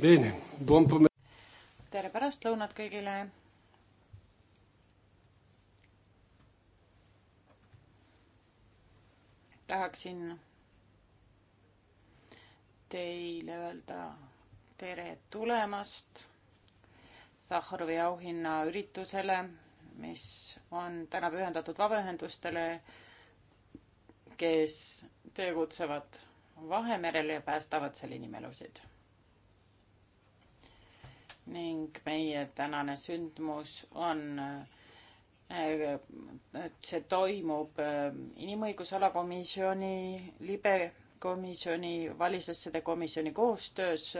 tere pärastlõunat kõigile. tahaksin teile öelda tere tulemast Sahharovi auhinna üritusele, mis on täna pühendatud vabaühendustele, kes tegutsevad Vahemerel ja päästavad seal inimelusid ning meie tänane sündmus on, äh, see toimub äh, inimõiguse alakomisjoni, libe komisjoni, välisasjade komisjoni koostöös.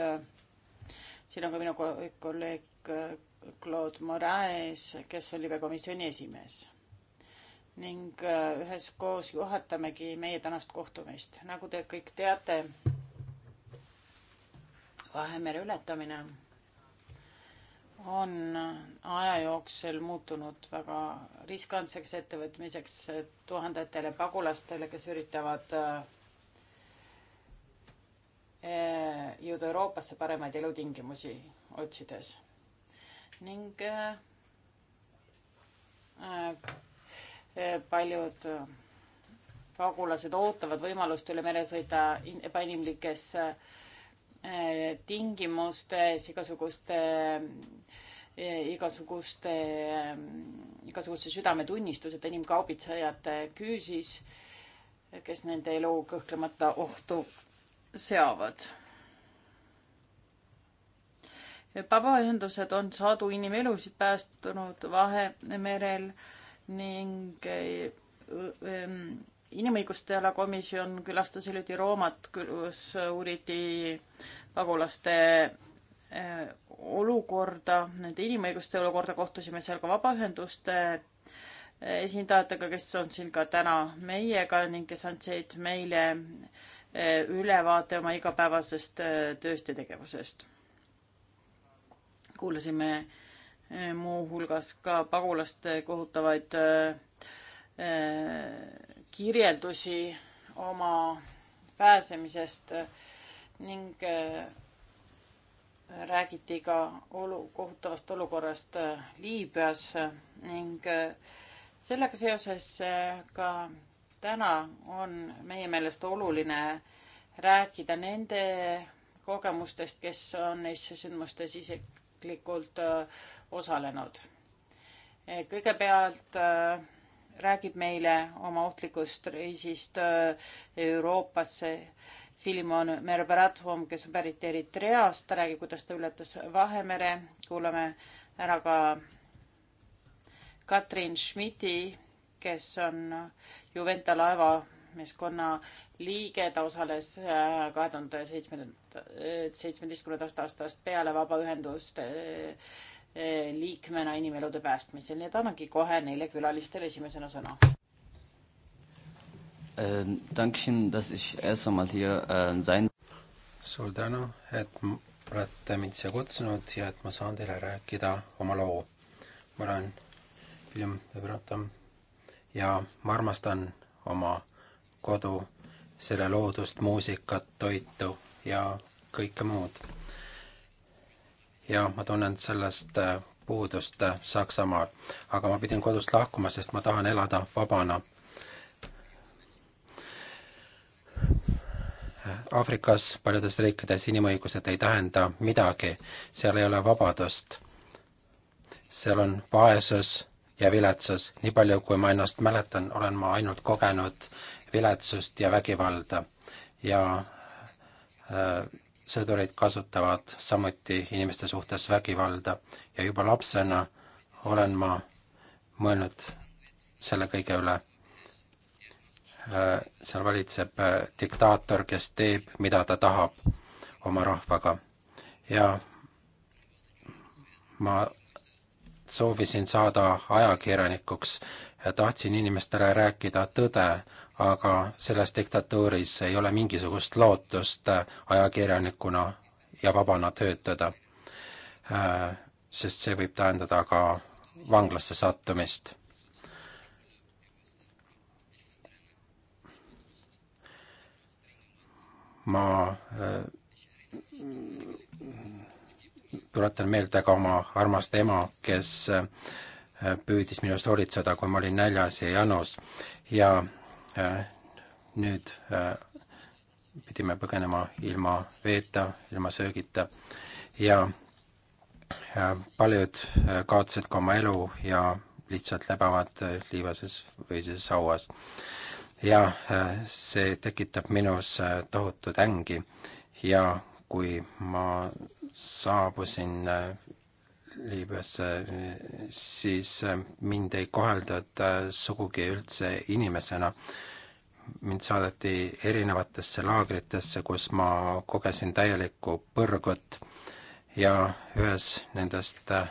siin on ka minu kolleeg äh, Claude Moraes, kes on libe komisjoni esimees ning üheskoos juhatamegi meie tänast kohtumist. nagu te kõik teate, Vahemere ületamine on aja jooksul muutunud väga riskantseks ettevõtmiseks tuhandetele pagulastele, kes üritavad eh, jõuda Euroopasse paremaid elutingimusi otsides. ning eh, eh, paljud pagulased ootavad võimalust üle mere sõita ebainimlikes äh, Äh, tingimustes, igasuguste, äh, igasuguste, ähm, igasuguste südametunnistuseta inimkaubitsejate küüsis, kes nende elu kõhklemata ohtu seavad. vabaühendused on sadu inimelusid päästnud Vahemerel ning äh, inimõiguste alakomisjon külastas hiljuti Roomat, kus uuriti pagulaste eh, olukorda, nende inimõiguste olukorda, kohtusime seal ka vabaühenduste eh, esindajatega, kes on siin ka täna meiega ning kes andsid meile eh, ülevaate oma igapäevasest tööst ja tegevusest. kuulasime muuhulgas ka pagulaste kohutavaid kirjeldusi oma pääsemisest ning äh, räägiti ka olu-, kohutavast olukorrast äh, Liibüas äh, ning sellega seoses ka täna on meie meelest oluline rääkida nende kogemustest, kes on neis sündmustes isiklikult osalenud. kõigepealt räägib meile oma ohtlikust reisist äh, Euroopasse. Filimon Merberatom, kes on pärit Eritreast, ta räägib, kuidas ta ületas Vahemere. kuulame ära ka Katrin Schmidti, kes on Juventa laevameeskonna liige, ta osales äh, kahe tuhande seitsmenda, äh, seitsmeteistkümnendast aastast peale vabaühenduste Eh, liikmena inimelude päästmisel, nii et annangi kohe neile külalistele esimesena sõna. Äh, äh, suur tänu, et olete mind siia kutsunud ja et ma saan teile rääkida oma loo. ma olen William Vibratam ja ma armastan oma kodu, selle loodust, muusikat, toitu ja kõike muud ja ma tunnen sellest äh, puudust äh, Saksamaal. aga ma pidin kodust lahkuma, sest ma tahan elada vabana. Aafrikas paljudes riikides inimõigused ei tähenda midagi, seal ei ole vabadust. seal on vaesus ja viletsus, nii palju kui ma ennast mäletan, olen ma ainult kogenud viletsust ja vägivalda ja äh, sõdurid kasutavad samuti inimeste suhtes vägivalda ja juba lapsena olen ma mõelnud selle kõige üle. Äh, seal valitseb äh, diktaator, kes teeb, mida ta tahab oma rahvaga ja ma soovisin saada ajakirjanikuks ja tahtsin inimestele rääkida tõde aga selles diktatuuris ei ole mingisugust lootust äh, ajakirjanikuna ja vabana töötada, äh, sest see võib tähendada ka vanglasse sattumist ma äh, tuletan meelde ka oma armast ema, kes püüdis minust hoolitseda, kui ma olin näljas ja janus ja Äh, nüüd äh, pidime põgenema ilma veeta, ilma söögita ja äh, paljud kaotasid ka oma elu ja lihtsalt läbavad liivases või siis hauas. ja see tekitab minus tohutut ängi ja kui ma saabusin Liibüas, siis äh, mind ei koheldud äh, sugugi üldse inimesena. mind saadeti erinevatesse laagritesse, kus ma kogesin täielikku põrgut ja ühes nendest äh,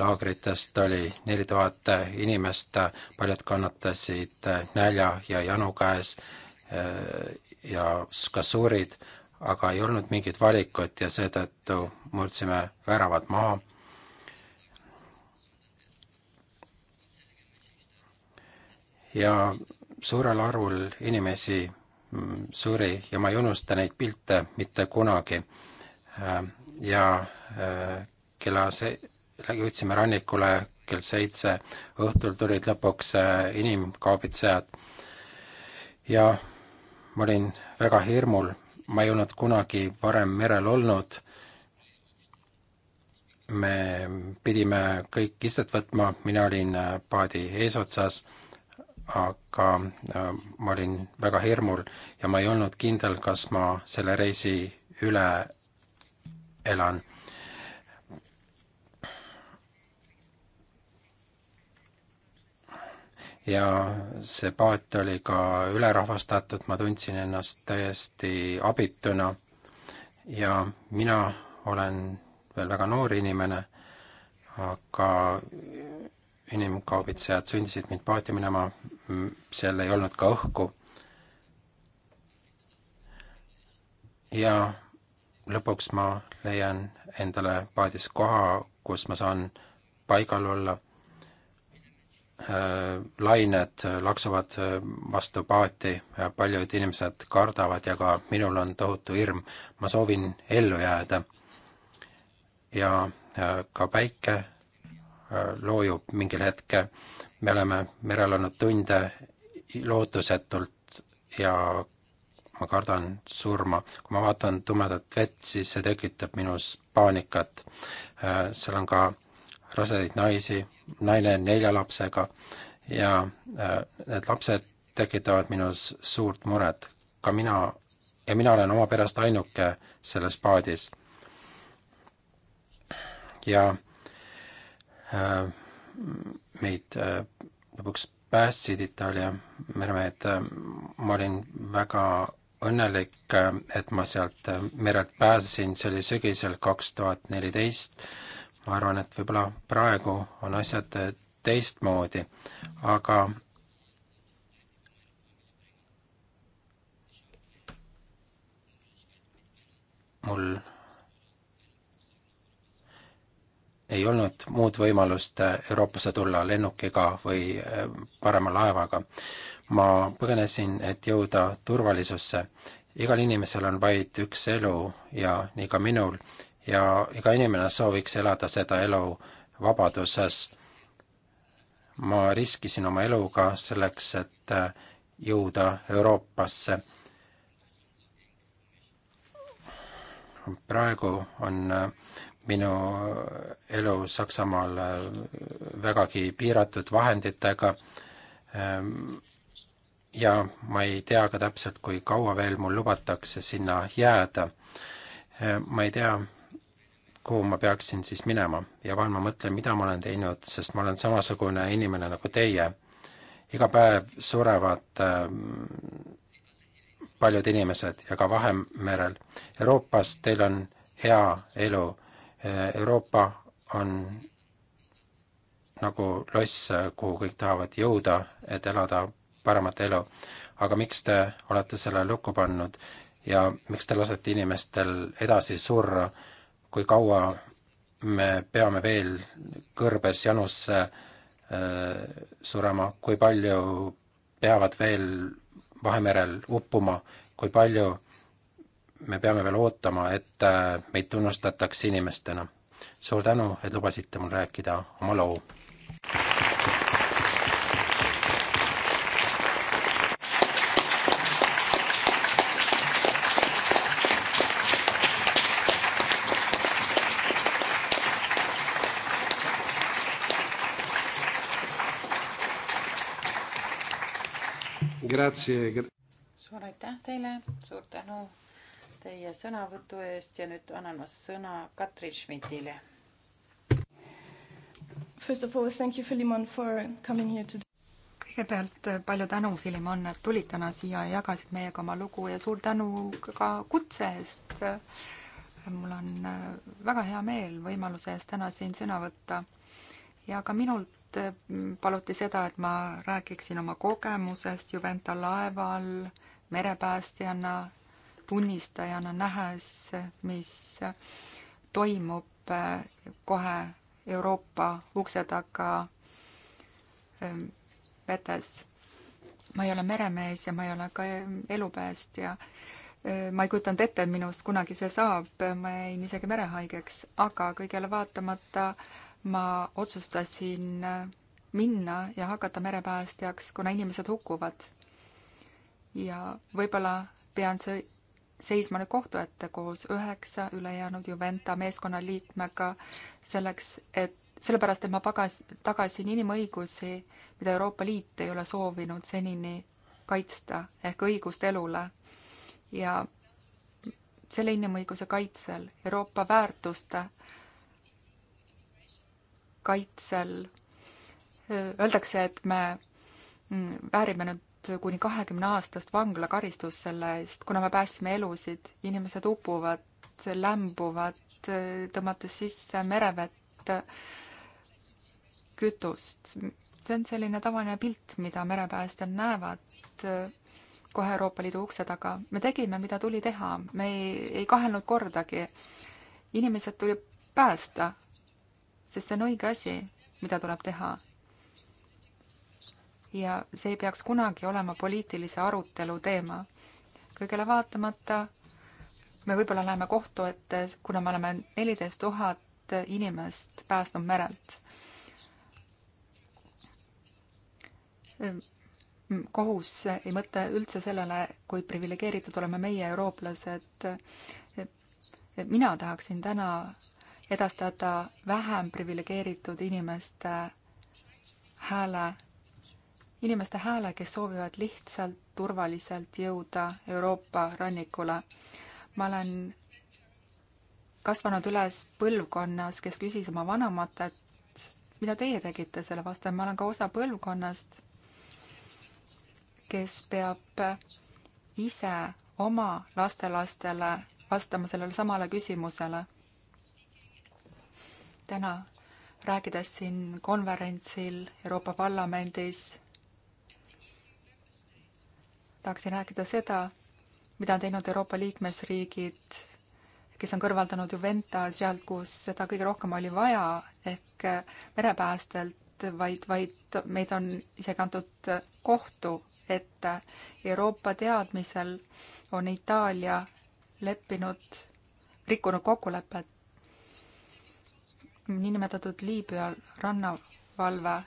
laagritest oli neli tuhat inimest, paljud kannatasid nälja ja janu käes ja ka surid, aga ei olnud mingit valikut ja seetõttu murdsime väravad maha ja suurel arvul inimesi mm, suri ja ma ei unusta neid pilte mitte kunagi. Ähm, ja äh, kella se-, jõudsime rannikule kell seitse, õhtul tulid lõpuks äh, inimkaubitsejad ja ma olin väga hirmul, ma ei olnud kunagi varem merel olnud, me pidime kõik istet võtma, mina olin äh, paadi eesotsas aga äh, ma olin väga hirmul ja ma ei olnud kindel, kas ma selle reisi üle elan. ja see paat oli ka ülerahvastatud, ma tundsin ennast täiesti abituna ja mina olen veel väga noor inimene, aga inimkaubitsejad sundisid mind paati minema, seal ei olnud ka õhku. ja lõpuks ma leian endale paadis koha, kus ma saan paigal olla äh, lained laksuvad vastu paati, paljud inimesed kardavad ja ka minul on tohutu hirm. ma soovin ellu jääda. ja äh, ka päike loojub mingil hetkel. me oleme merel olnud tunde lootusetult ja ma kardan surma. kui ma vaatan tumedat vett, siis see tekitab minus paanikat. seal on ka rasedaid naisi, naine nelja lapsega ja äh, need lapsed tekitavad minus suurt muret. ka mina ja mina olen oma perest ainuke selles paadis. ja Äh, meid äh, lõpuks päästsid Itaalia meremehed. Äh, ma olin väga õnnelik, et ma sealt merelt pääsesin, see oli sügisel kaks tuhat neliteist. ma arvan, et võib-olla praegu on asjad teistmoodi, aga mul ei olnud muud võimalust äh, Euroopasse tulla lennukiga või äh, parema laevaga. ma põgenesin, et jõuda turvalisusse. igal inimesel on vaid üks elu ja nii ka minul ja iga inimene sooviks elada seda elu vabaduses. ma riskisin oma eluga selleks, et äh, jõuda Euroopasse. praegu on äh, minu elu Saksamaal äh, vägagi piiratud vahenditega ähm, ja ma ei tea ka täpselt, kui kaua veel mul lubatakse sinna jääda. Äh, ma ei tea, kuhu ma peaksin siis minema ja vahel ma mõtlen, mida ma olen teinud, sest ma olen samasugune inimene nagu teie. iga päev surevad äh, paljud inimesed ja ka Vahemerel. Euroopas teil on hea elu, Äh, Euroopa on nagu loss, kuhu kõik tahavad jõuda, et elada paremat elu. aga miks te olete selle lukku pannud ja miks te lasete inimestel edasi surra, kui kaua me peame veel kõrbes janusse äh, surema, kui palju peavad veel Vahemerel uppuma, kui palju äh, me peame veel ootama, et äh, meid tunnustatakse inimestena. suur tänu, et lubasite mul rääkida oma loo. suur aitäh teile, suur tänu teie sõnavõtu eest ja nüüd annan ma sõna Katrin Schmidtile. First of all, thank you, Philemon, for coming here today kõigepealt eh, palju tänu, Filimon, et tulid täna siia ja jagasid meiega oma lugu ja suur tänu ka kutse eest. Eh, mul on eh, väga hea meel võimaluse eest täna siin sõna võtta. ja ka minult paluti seda, et ma räägiksin oma kogemusest Juventa laeval merepäästjana tunnistajana, nähes, mis toimub äh, kohe Euroopa ukse taga ähm, vetes. ma ei ole meremees ja ma ei ole ka äh, elupäästja. Äh, ma ei kujutanud ette, et minust kunagi see saab, ma jäin isegi merehaigeks, aga kõigele vaatamata ma otsustasin minna ja hakata merepäästjaks, kuna inimesed hukkuvad. ja võib-olla pean see seisma nüüd kohtu ette koos üheksa ülejäänud Juventa meeskonnaliikmega selleks, et sellepärast, et ma pagas, tagasin inimõigusi, mida Euroopa Liit ei ole soovinud senini kaitsta ehk õigust elule. ja selle inimõiguse kaitsel, Euroopa väärtuste kaitsel öeldakse, et me mm, väärime nüüd kuni kahekümne aastast vanglakaristust selle eest, kuna me päästsime elusid. inimesed upuvad, lämbuvad, tõmmates sisse merevett, kütust. see on selline tavaline pilt, mida merepäästjad näevad kohe Euroopa Liidu ukse taga. me tegime, mida tuli teha, me ei, ei kahelnud kordagi. inimesed tuli päästa, sest see on õige asi, mida tuleb teha ja see ei peaks kunagi olema poliitilise arutelu teema. kõigele vaatamata me võib-olla läheme kohtu ette, kuna me oleme neliteist tuhat inimest päästnud merelt. kohus ei mõtle üldse sellele, kui priviligeeritud oleme meie, eurooplased. mina tahaksin täna edastada vähem priviligeeritud inimeste hääle inimeste hääle, kes soovivad lihtsalt turvaliselt jõuda Euroopa rannikule. ma olen kasvanud üles põlvkonnas, kes küsis oma vanemalt, et mida teie tegite selle vastu ja ma olen ka osa põlvkonnast, kes peab ise oma lastelastele vastama sellele samale küsimusele. täna rääkides siin konverentsil Euroopa Parlamendis tahaksin rääkida seda, mida on teinud Euroopa liikmesriigid, kes on kõrvaldanud Juventa sealt, kus seda kõige rohkem oli vaja, ehk merepäästelt, vaid, vaid meid on isegi antud kohtu ette. Euroopa teadmisel on Itaalia leppinud, rikkunud kokkulepet niinimetatud Liibüa rannavalve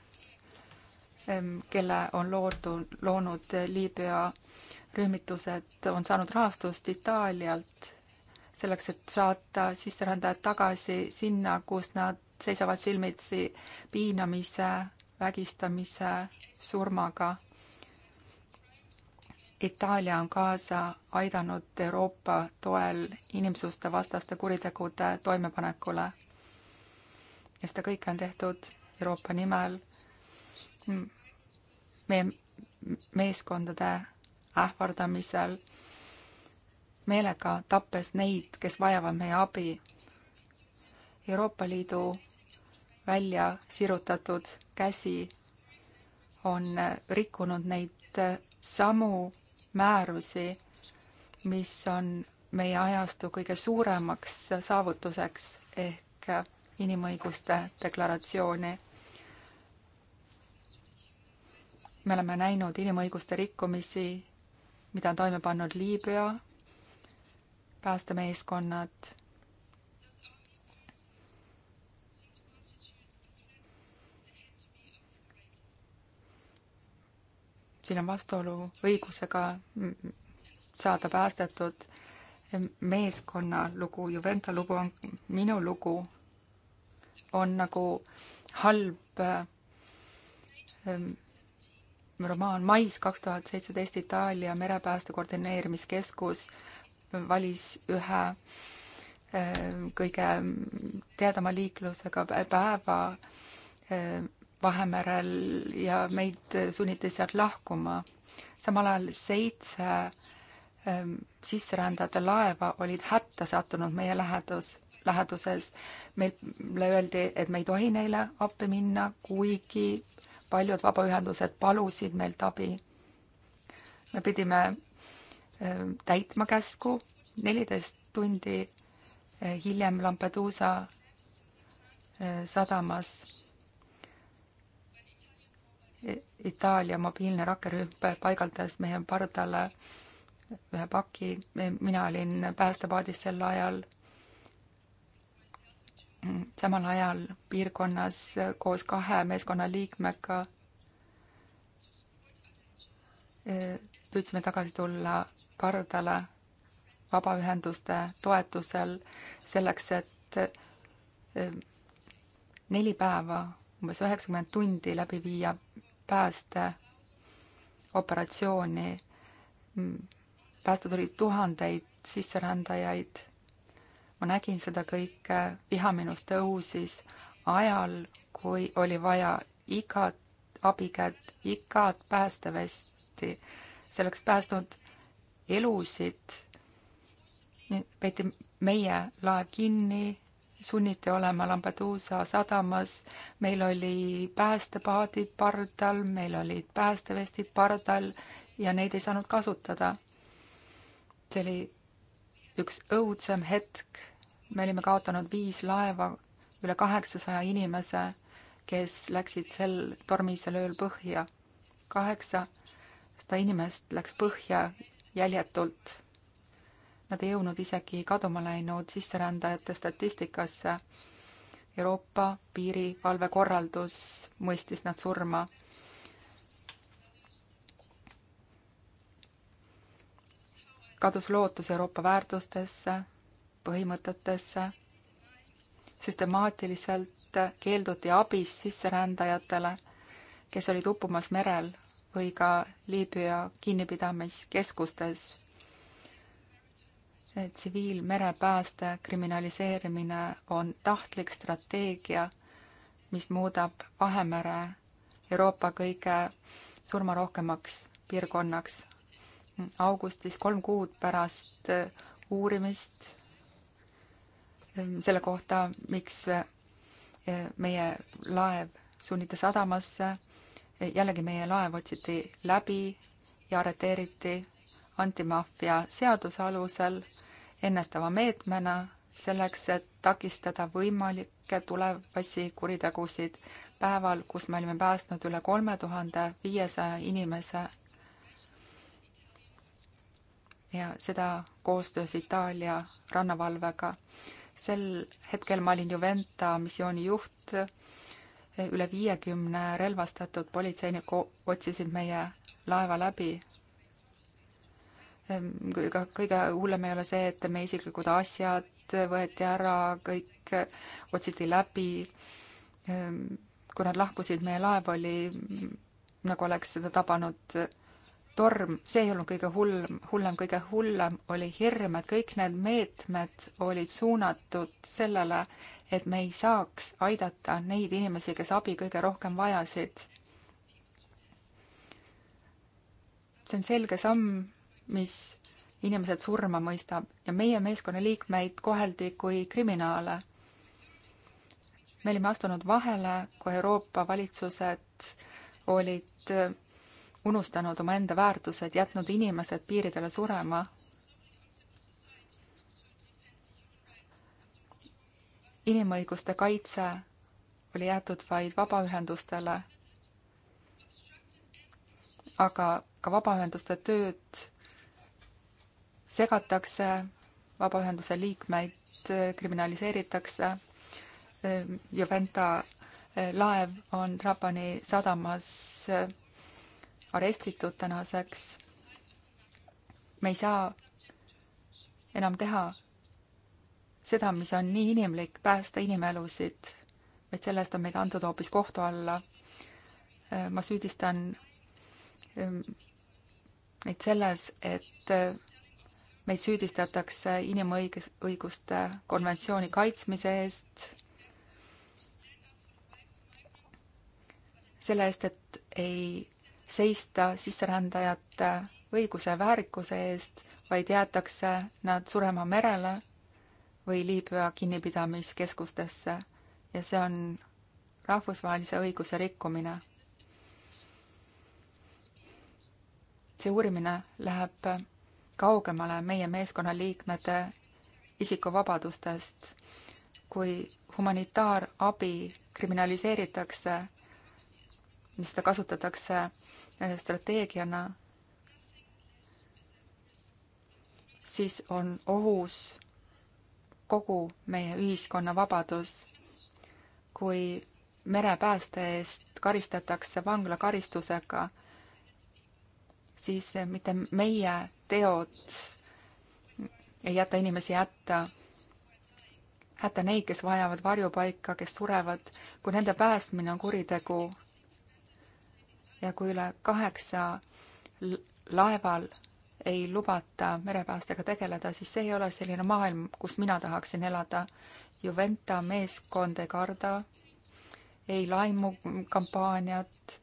kelle on loodud, loonud Liibüa rühmitused, on saanud rahastust Itaalialt selleks, et saata sisserändajad tagasi sinna, kus nad seisavad silmitsi piinamise, vägistamise, surmaga. Itaalia on kaasa aidanud Euroopa toel inimsuste vastaste kuritegude toimepanekule. ja seda kõike on tehtud Euroopa nimel hmm meie meeskondade ähvardamisel, meelega tappes neid, kes vajavad meie abi. Euroopa Liidu välja sirutatud käsi on rikkunud neid samu määrusi, mis on meie ajastu kõige suuremaks saavutuseks ehk inimõiguste deklaratsiooni me oleme näinud inimõiguste rikkumisi, mida on toime pannud Liibüa päästemeeskonnad. siin on vastuolu õigusega saada päästetud meeskonna lugu, Juventa lugu on minu lugu, on nagu halb ähm, romaan mais kaks tuhat seitseteist Itaalia merepääste koordineerimiskeskus valis ühe eh, kõige teadama liiklusega päeva eh, Vahemerel ja meid sunniti sealt lahkuma. samal ajal seitse eh, sisserändajate laeva olid hätta sattunud meie lähedus, läheduses. meile öeldi, et me ei tohi neile appi minna, kuigi paljud vabaühendused palusid meilt abi. me pidime eh, täitma käsku, neliteist tundi eh, hiljem Lampeduusa eh, sadamas Itaalia mobiilne rakkerühm paigaldas meie pardale ühe paki, mina olin päästepaadis sel ajal samal ajal piirkonnas koos kahe meeskonna liikmega e, püüdsime tagasi tulla pardale vabaühenduste toetusel selleks, et e, neli päeva, umbes üheksakümmend tundi läbi viia päästeoperatsiooni. päästa tuli tuhandeid sisserändajaid ma nägin seda kõike, viha minus tõusis ajal, kui oli vaja igat abikätt, igat päästevesti. see oleks päästnud elusid. peeti meie laev kinni, sunniti olema Lampeduusa sadamas, meil oli päästepaadid pardal, meil olid päästevestid pardal ja neid ei saanud kasutada. see oli üks õudsem hetk me olime kaotanud viis laeva, üle kaheksasaja inimese, kes läksid sel tormisel ööl põhja. kaheksasada inimest läks põhja jäljetult. Nad ei jõudnud isegi kaduma läinud sisserändajate statistikasse. Euroopa piirivalve korraldus mõistis nad surma kadus lootus Euroopa väärtustesse, põhimõtetesse, süstemaatiliselt keelduti abist sisserändajatele, kes olid uppumas merel või ka Liibüa kinnipidamiskeskustes. tsiviilmerepääste kriminaliseerimine on tahtlik strateegia, mis muudab Vahemere Euroopa kõige surmarohkemaks piirkonnaks. augustis, kolm kuud pärast uurimist Ähm, selle kohta, miks äh, meie laev sunniti sadamasse. jällegi meie laev otsiti läbi ja arreteeriti antimaffia seaduse alusel ennetava meetmena selleks, et takistada võimalikke tulevasi kuritegusid päeval, kus me olime päästnud üle kolme tuhande viiesaja inimese. ja seda koostöös Itaalia rannavalvega sel hetkel ma olin Juventa missiooni juht, üle viiekümne relvastatud politseiniku otsisid meie laeva läbi. ega ehm, kõige hullem ei ole see, et meie isiklikud asjad võeti ära, kõik otsiti läbi. Ehm, kui nad lahkusid, meie laev oli nagu oleks seda tabanud torm, see ei olnud kõige hullem, hullem, kõige hullem oli hirm, et kõik need meetmed olid suunatud sellele, et me ei saaks aidata neid inimesi, kes abi kõige rohkem vajasid. see on selge samm, mis inimesed surma mõistab ja meie meeskonna liikmeid koheldi kui kriminaale. me olime astunud vahele, kui Euroopa valitsused olid unustanud omaenda väärtused, jätnud inimesed piiridele surema. inimõiguste kaitse oli jäetud vaid vabaühendustele. aga ka vabaühenduste tööd segatakse, vabaühenduse liikmeid kriminaliseeritakse. Juventa laev on Trapani sadamas arestitud tänaseks. me ei saa enam teha seda, mis on nii inimlik, päästa inimelusid, vaid selle eest on meid antud hoopis kohtu alla. ma süüdistan ähm, neid selles, et äh, meid süüdistatakse inimõigus, õiguste konventsiooni kaitsmise eest, selle eest, et ei seista sisserändajate õiguse ja väärikuse eest, vaid jäetakse nad surema merele või Liibüa kinnipidamiskeskustesse ja see on rahvusvahelise õiguse rikkumine. see uurimine läheb kaugemale meie meeskonna liikmete isikuvabadustest. kui humanitaarabi kriminaliseeritakse, seda kasutatakse strateegiana, siis on ohus kogu meie ühiskonna vabadus. kui merepääste eest karistatakse vanglakaristusega, siis mitte meie teod ei jäta inimesi hätta, hätta neid, kes vajavad varjupaika, kes surevad, kui nende päästmine on kuritegu, ja kui üle kaheksa laeval ei lubata merepäästega tegeleda, siis see ei ole selline maailm, kus mina tahaksin elada. Juventa meeskond ei karda ei laimukampaaniat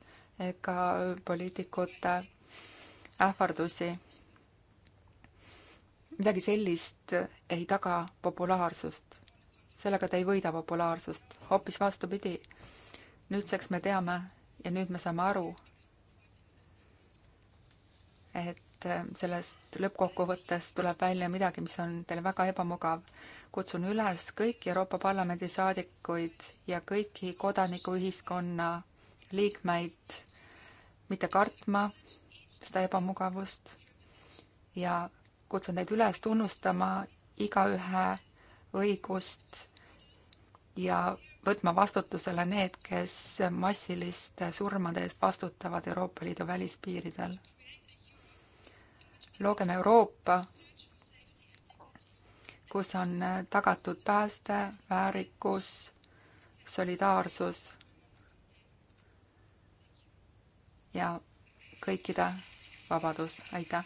ega poliitikute ähvardusi. midagi sellist ei taga populaarsust. sellega ta ei võida populaarsust, hoopis vastupidi. nüüdseks me teame, ja nüüd me saame aru, et äh, sellest lõppkokkuvõttes tuleb välja midagi, mis on teile väga ebamugav. kutsun üles kõiki Euroopa Parlamendi saadikuid ja kõiki kodanikuühiskonna liikmeid mitte kartma seda ebamugavust ja kutsun teid üles tunnustama igaühe õigust ja võtma vastutusele need, kes massiliste surmade eest vastutavad Euroopa Liidu välispiiridel. loogem Euroopa, kus on tagatud pääste, väärikus, solidaarsus ja kõikide vabadus, aitäh!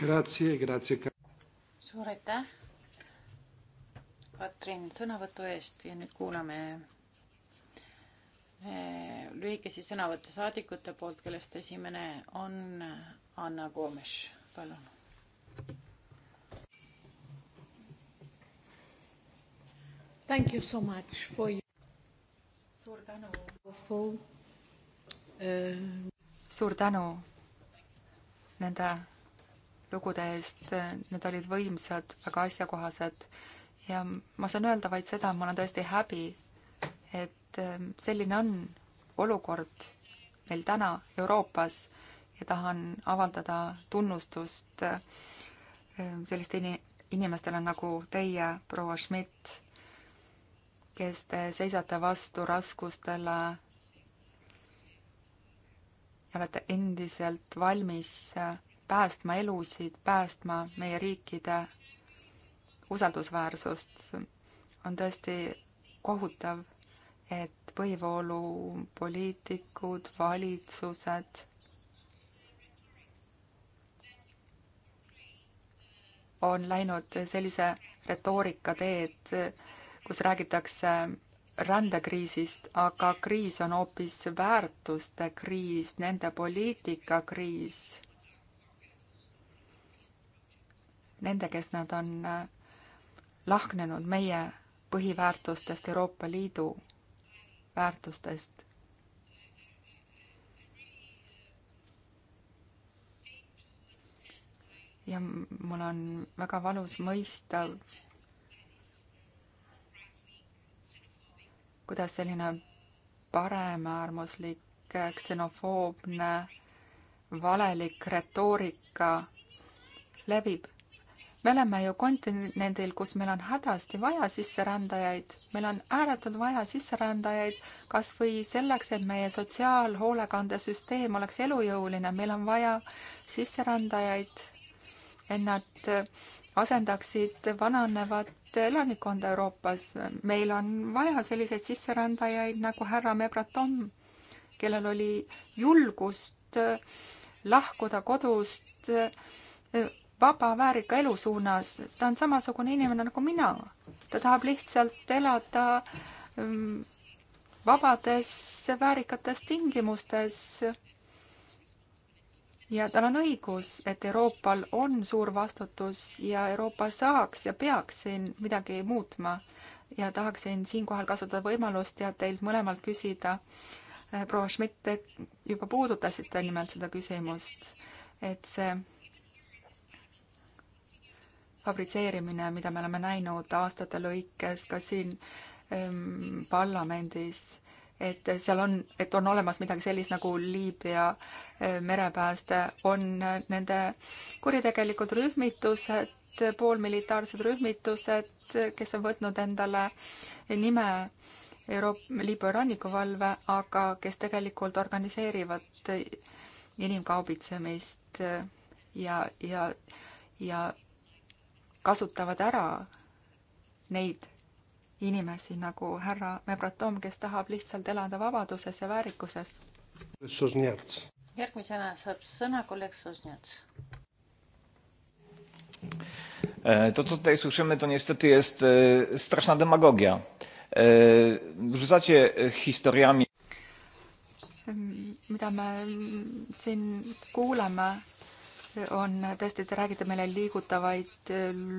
Grazie, grazie. suur aitäh, Katrin, sõnavõtu eest ja nüüd kuulame eh, lühikesi sõnavõtte saadikute poolt, kellest esimene on Anna Gomes, palun. Thank you so much for you. suur tänu. Uh... suur tänu nende lugude eest, need olid võimsad, väga asjakohased ja ma saan öelda vaid seda, mul on tõesti häbi, et ähm, selline on olukord meil täna Euroopas ja tahan avaldada tunnustust ähm, selliste in-, inimestele nagu teie, proua Schmidt, kes te seisate vastu raskustele ja olete endiselt valmis äh, päästma elusid, päästma meie riikide usaldusväärsust. on tõesti kohutav, et põhivoolu poliitikud, valitsused on läinud sellise retoorika teed, kus räägitakse rändekriisist, aga kriis on hoopis väärtuste kriis, nende poliitika kriis nende, kes nad on äh, lahknenud meie põhiväärtustest, Euroopa Liidu väärtustest. ja mul on väga valus mõista, kuidas selline paremäärmuslik, ksenofoobne, valelik retoorika levib me oleme ju kontinendil, kus meil on hädasti vaja sisserändajaid, meil on ääretult vaja sisserändajaid, kas või selleks, et meie sotsiaalhoolekandesüsteem oleks elujõuline, meil on vaja sisserändajaid, et nad asendaksid vananevat elanikkonda Euroopas. meil on vaja selliseid sisserändajaid nagu härra Mebratom, kellel oli julgust lahkuda kodust vaba väärika elu suunas. ta on samasugune inimene nagu mina. ta tahab lihtsalt elada mm, vabades väärikates tingimustes. ja tal on õigus, et Euroopal on suur vastutus ja Euroopa saaks ja peaks siin midagi muutma. ja tahaksin siinkohal kasutada võimalust ja teilt mõlemalt küsida, proua Schmidt, te juba puudutasite nimelt seda küsimust, et see fabritseerimine, mida me oleme näinud aastate lõikes ka siin ähm, parlamendis, et seal on, et on olemas midagi sellist nagu Liibüa äh, merepääste, on nende kuritegelikud rühmitused, poolmilitaarsed rühmitused, kes on võtnud endale nime Euroopa Liibüa rannikuvalve, aga kes tegelikult organiseerivad inimkaubitsemist ehm, ja, ja, ja kasutavad ära neid inimesi nagu härra Mebratom, kes tahab lihtsalt elada vabaduses ja väärikuses. järgmisena saab sõna kolleeg Sosnjats. E, to, co tutaj słyszymy, to niestety jest e, straszna demagogia. E, Rzucacie historiami. mida me siin kuuleme, on tõesti, te räägite meile liigutavaid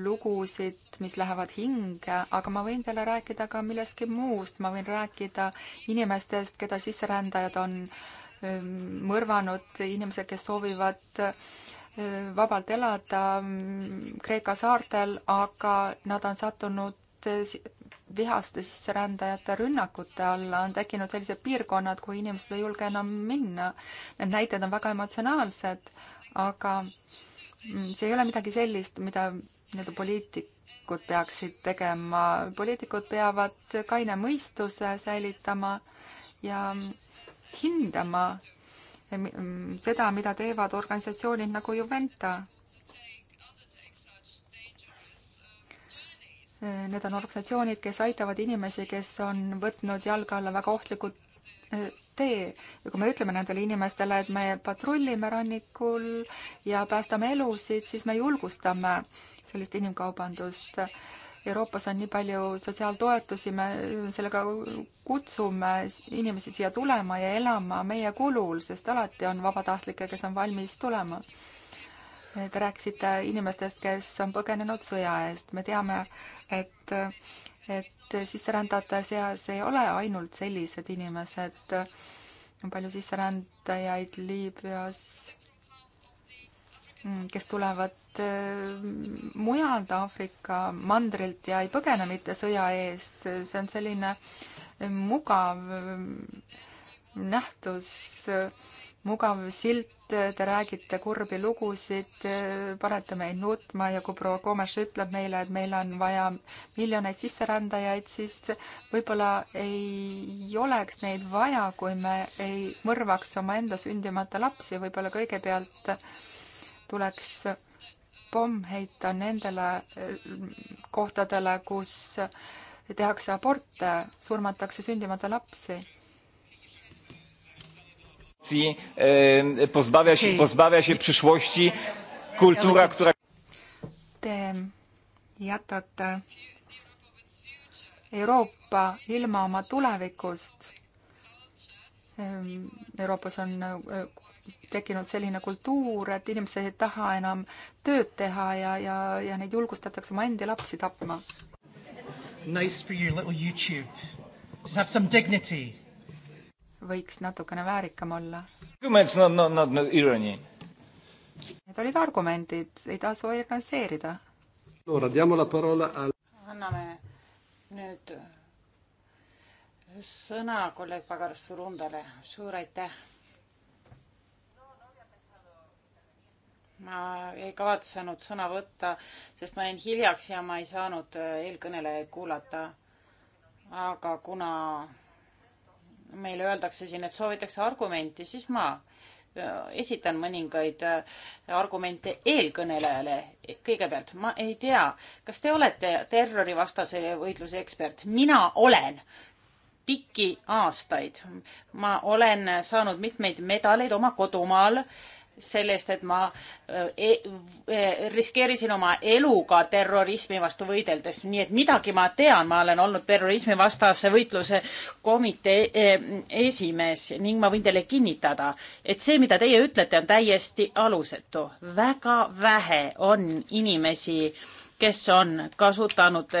lugusid, mis lähevad hinge, aga ma võin teile rääkida ka millestki muust, ma võin rääkida inimestest, keda sisserändajad on ähm, mõrvanud, inimesed, kes soovivad äh, vabalt elada mm, Kreeka saartel, aga nad on sattunud äh, vihaste sisserändajate rünnakute alla on tekkinud sellised piirkonnad, kuhu inimesed ei julge enam minna. Need näited on väga emotsionaalsed aga mm, see ei ole midagi sellist, mida nii-öelda poliitikud peaksid tegema. poliitikud peavad kaine mõistuse säilitama ja hindama eh, mm, seda, mida teevad organisatsioonid nagu Juventa. Eh, need on organisatsioonid, kes aitavad inimesi, kes on võtnud jalge alla väga ohtlikud eh, tee. ja kui me ütleme nendele inimestele, et me patrullime rannikul ja päästame elusid, siis me julgustame sellist inimkaubandust. Euroopas on nii palju sotsiaaltoetusi, me sellega kutsume inimesi siia tulema ja elama meie kulul, sest alati on vabatahtlikke, kes on valmis tulema. Te rääkisite inimestest, kes on põgenenud sõja eest. me teame, et et sisserändajate seas ei ole ainult sellised inimesed, on palju sisserändajaid Liibüas, mm, kes tulevad mm, mujalt Aafrika mandrilt ja ei põgene mitte sõja eest, see on selline mugav mm, nähtus mugav silt, te räägite kurbi lugusid, panete meid nutma ja kui proua Komes ütleb meile, et meil on vaja miljoneid sisserändajaid, siis võib-olla ei oleks neid vaja, kui me ei mõrvaks omaenda sündimata lapsi, võib-olla kõigepealt tuleks pomm heita nendele äh, kohtadele, kus tehakse aborte, surmatakse sündimata lapsi Rosji, pozbawia się, pozbawia się przyszłości kultura, która... Te jätate Euroopa ilma oma tulevikust. Euroopas on äh, tekkinud selline kultuur, et inimesed ei taha enam tööd teha ja, ja, ja neid julgustatakse oma endi lapsi tapma. Nice for your little YouTube. Just have some dignity võiks natukene väärikam olla. Not, not, not, not irony. Need olid argumendid, ei tasu ironiseerida no,. anname nüüd sõna kolleeg Pagar Surundale, suur aitäh. ma ei kavatsenud sõna võtta, sest ma jäin hiljaks ja ma ei saanud eelkõnelejaid kuulata. aga kuna meile öeldakse siin, et soovitakse argumenti, siis ma äh, esitan mõningaid äh, argumente eelkõnelejale. kõigepealt, ma ei tea, kas te olete terrorivastase võitluse ekspert? mina olen pikki aastaid. ma olen saanud mitmeid medaleid oma kodumaal äh, selle eest, et ma äh, e-, äh, riskeerisin oma eluga terrorismi vastu võideldes, nii et midagi ma tean, ma olen olnud terrorismivastase võitluse komitee äh, esimees ning ma võin teile kinnitada, et see, mida teie ütlete, on täiesti alusetu. väga vähe on inimesi, kes on kasutanud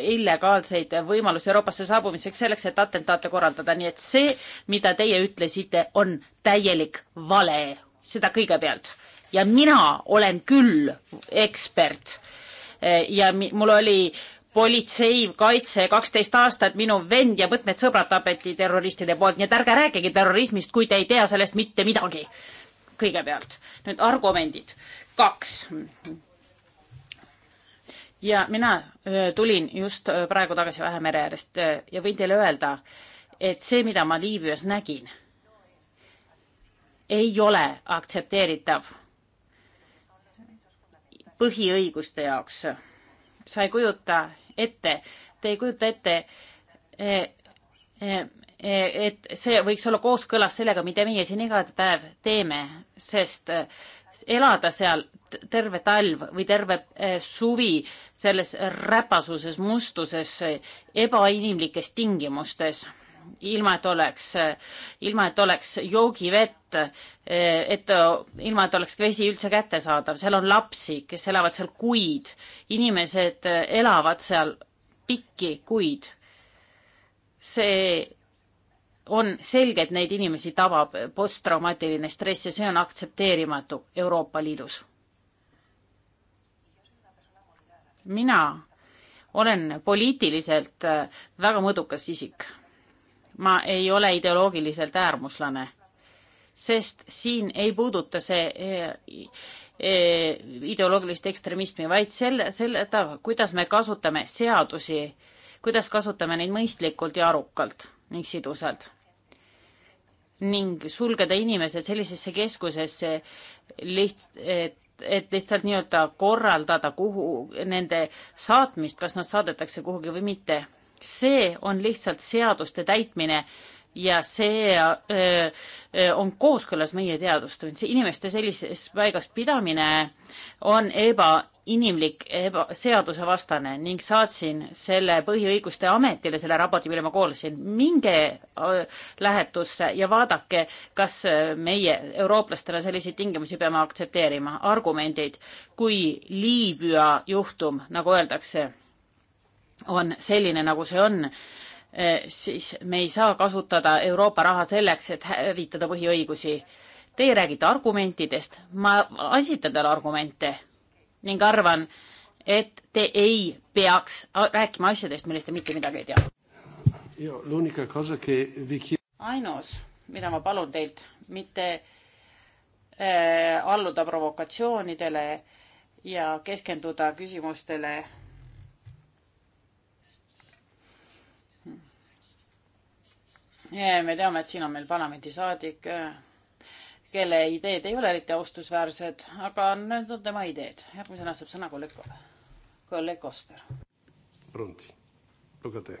illegaalseid võimalusi Euroopasse saabumiseks selleks, et atentaate korraldada, nii et see, mida teie ütlesite, on täielik vale seda kõigepealt ja mina olen küll ekspert eh, ja mul oli politseikaitse kaksteist aastat, minu vend ja mõtmed sõbrad tapeti terroristide poolt, nii et ärge rääkige terrorismist, kui te ei tea sellest mitte midagi. kõigepealt nüüd argumendid, kaks. ja mina eh, tulin just eh, praegu tagasi Vahemere äärest ja võin teile öelda, et see, mida ma Liibüas nägin ei ole aktsepteeritav põhiõiguste jaoks. sa ei kujuta ette, te ei kujuta ette, et see võiks olla kooskõlas sellega, mida meie siin iga päev teeme, sest elada seal terve talv või terve eh, suvi selles räpasuses, mustuses, ebainimlikes tingimustes ilma et oleks, ilma et oleks joogivett, et ilma, et oleks vesi üldse kättesaadav, seal on lapsi, kes elavad seal kuid, inimesed elavad seal pikki kuid. see on selge, et neid inimesi tabab posttraumaatiline stress ja see on aktsepteerimatu Euroopa Liidus. mina olen poliitiliselt väga mõõdukas isik ma ei ole ideoloogiliselt äärmuslane, sest siin ei puuduta see eh, eh, ideoloogilist ekstremismi, vaid selle, selle, kuidas me kasutame seadusi, kuidas kasutame neid mõistlikult ja arukalt ning sidusalt. ning sulgeda inimesed sellisesse keskusesse lihts-, et, et lihtsalt nii-öelda korraldada, kuhu nende saatmist, kas nad saadetakse kuhugi või mitte see on lihtsalt seaduste täitmine ja see öö, äh, äh, on kooskõlas meie teadustega. inimeste sellises paigas pidamine on ebainimlik, eba, seadusevastane ning saatsin selle Põhiõiguste Ametile selle raporti, mille ma kuulasin. minge äh, lähetusse ja vaadake, kas meie eurooplastele selliseid tingimusi peame aktsepteerima. argumendid, kui Liibüa juhtum, nagu öeldakse on selline, nagu see on, eh, siis me ei saa kasutada Euroopa raha selleks, et hävitada põhiõigusi. Teie räägite argumentidest, ma esitan teile argumente ning arvan, et te ei peaks rääkima asjadest, millest te mitte midagi ei tea. ainus, mida ma palun teilt, mitte äh, alluda provokatsioonidele ja keskenduda küsimustele me teame, et siin on meil parlamendisaadik, äh, kelle ideed ei ole eriti austusväärsed, aga need on tema ideed. järgmisena saab sõna kolleeg, kolleeg Koster. Rundi, lugege.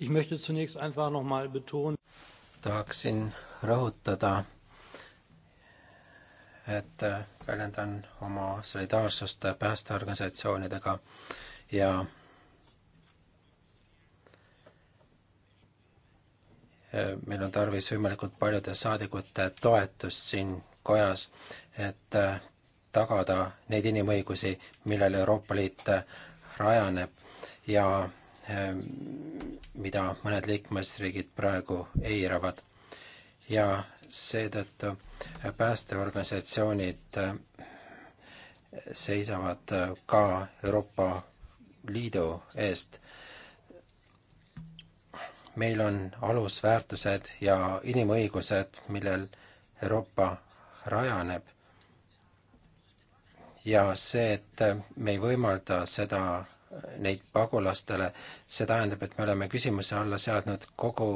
Ich möchte zunächst einfach nochmal betonen. tahaksin rõhutada, et äh, väljendan oma solidaarsust päästeorganisatsioonidega ja meil on tarvis võimalikult paljude saadikute toetust siin kojas, et äh, tagada neid inimõigusi, millele Euroopa Liit äh, rajaneb ja ähm, mida mõned liikmesriigid praegu eiravad. ja seetõttu äh, päästeorganisatsioonid seisavad ka Euroopa Liidu eest äh, meil on alusväärtused ja inimõigused, millel Euroopa rajaneb. ja see, et me ei võimalda seda neid pagulastele, see tähendab, et me oleme küsimuse alla seadnud kogu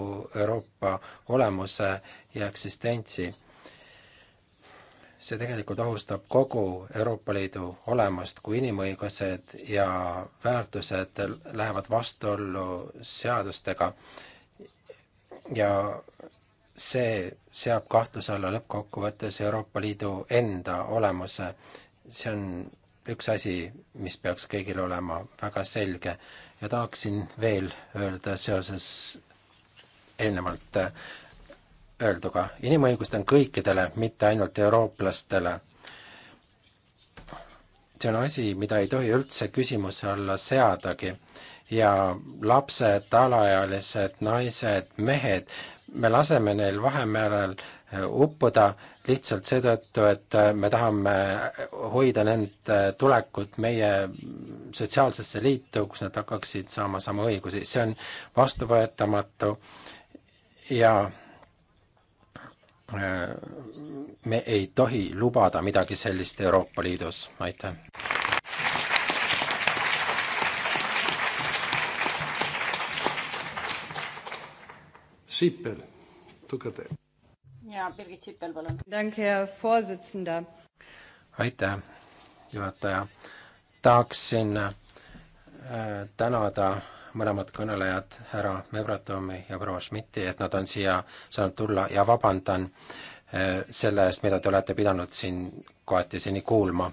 Euroopa olemuse ja eksistentsi. see tegelikult ohustab kogu Euroopa Liidu olemust, kui inimõigused ja väärtused lähevad vastuollu seadustega ja see seab kahtluse alla lõppkokkuvõttes Euroopa Liidu enda olemuse. see on üks asi, mis peaks kõigil olema väga selge ja tahaksin veel öelda seoses eelnevalt öelduga, inimõigused on kõikidele, mitte ainult eurooplastele. see on asi, mida ei tohi üldse küsimuse alla seadagi ja lapsed, alaealised, naised, mehed, me laseme neil Vahemerel eh, uppuda lihtsalt seetõttu, et eh, me tahame hoida nende eh, tulekut meie sotsiaalsesse liitu, kus nad hakkaksid saama sama õigusi, see on vastuvõetamatu ja me ei tohi lubada midagi sellist Euroopa Liidus, aitäh! Sippel, tukate. ja Birgit Sippel, palun. aitäh, juhataja. tahaksin äh, tänada mõlemad kõnelejad, härra Mevratomi ja proua Schmidti, et nad on siia saanud tulla ja vabandan äh, selle eest, mida te olete pidanud siin kohati seni kuulma.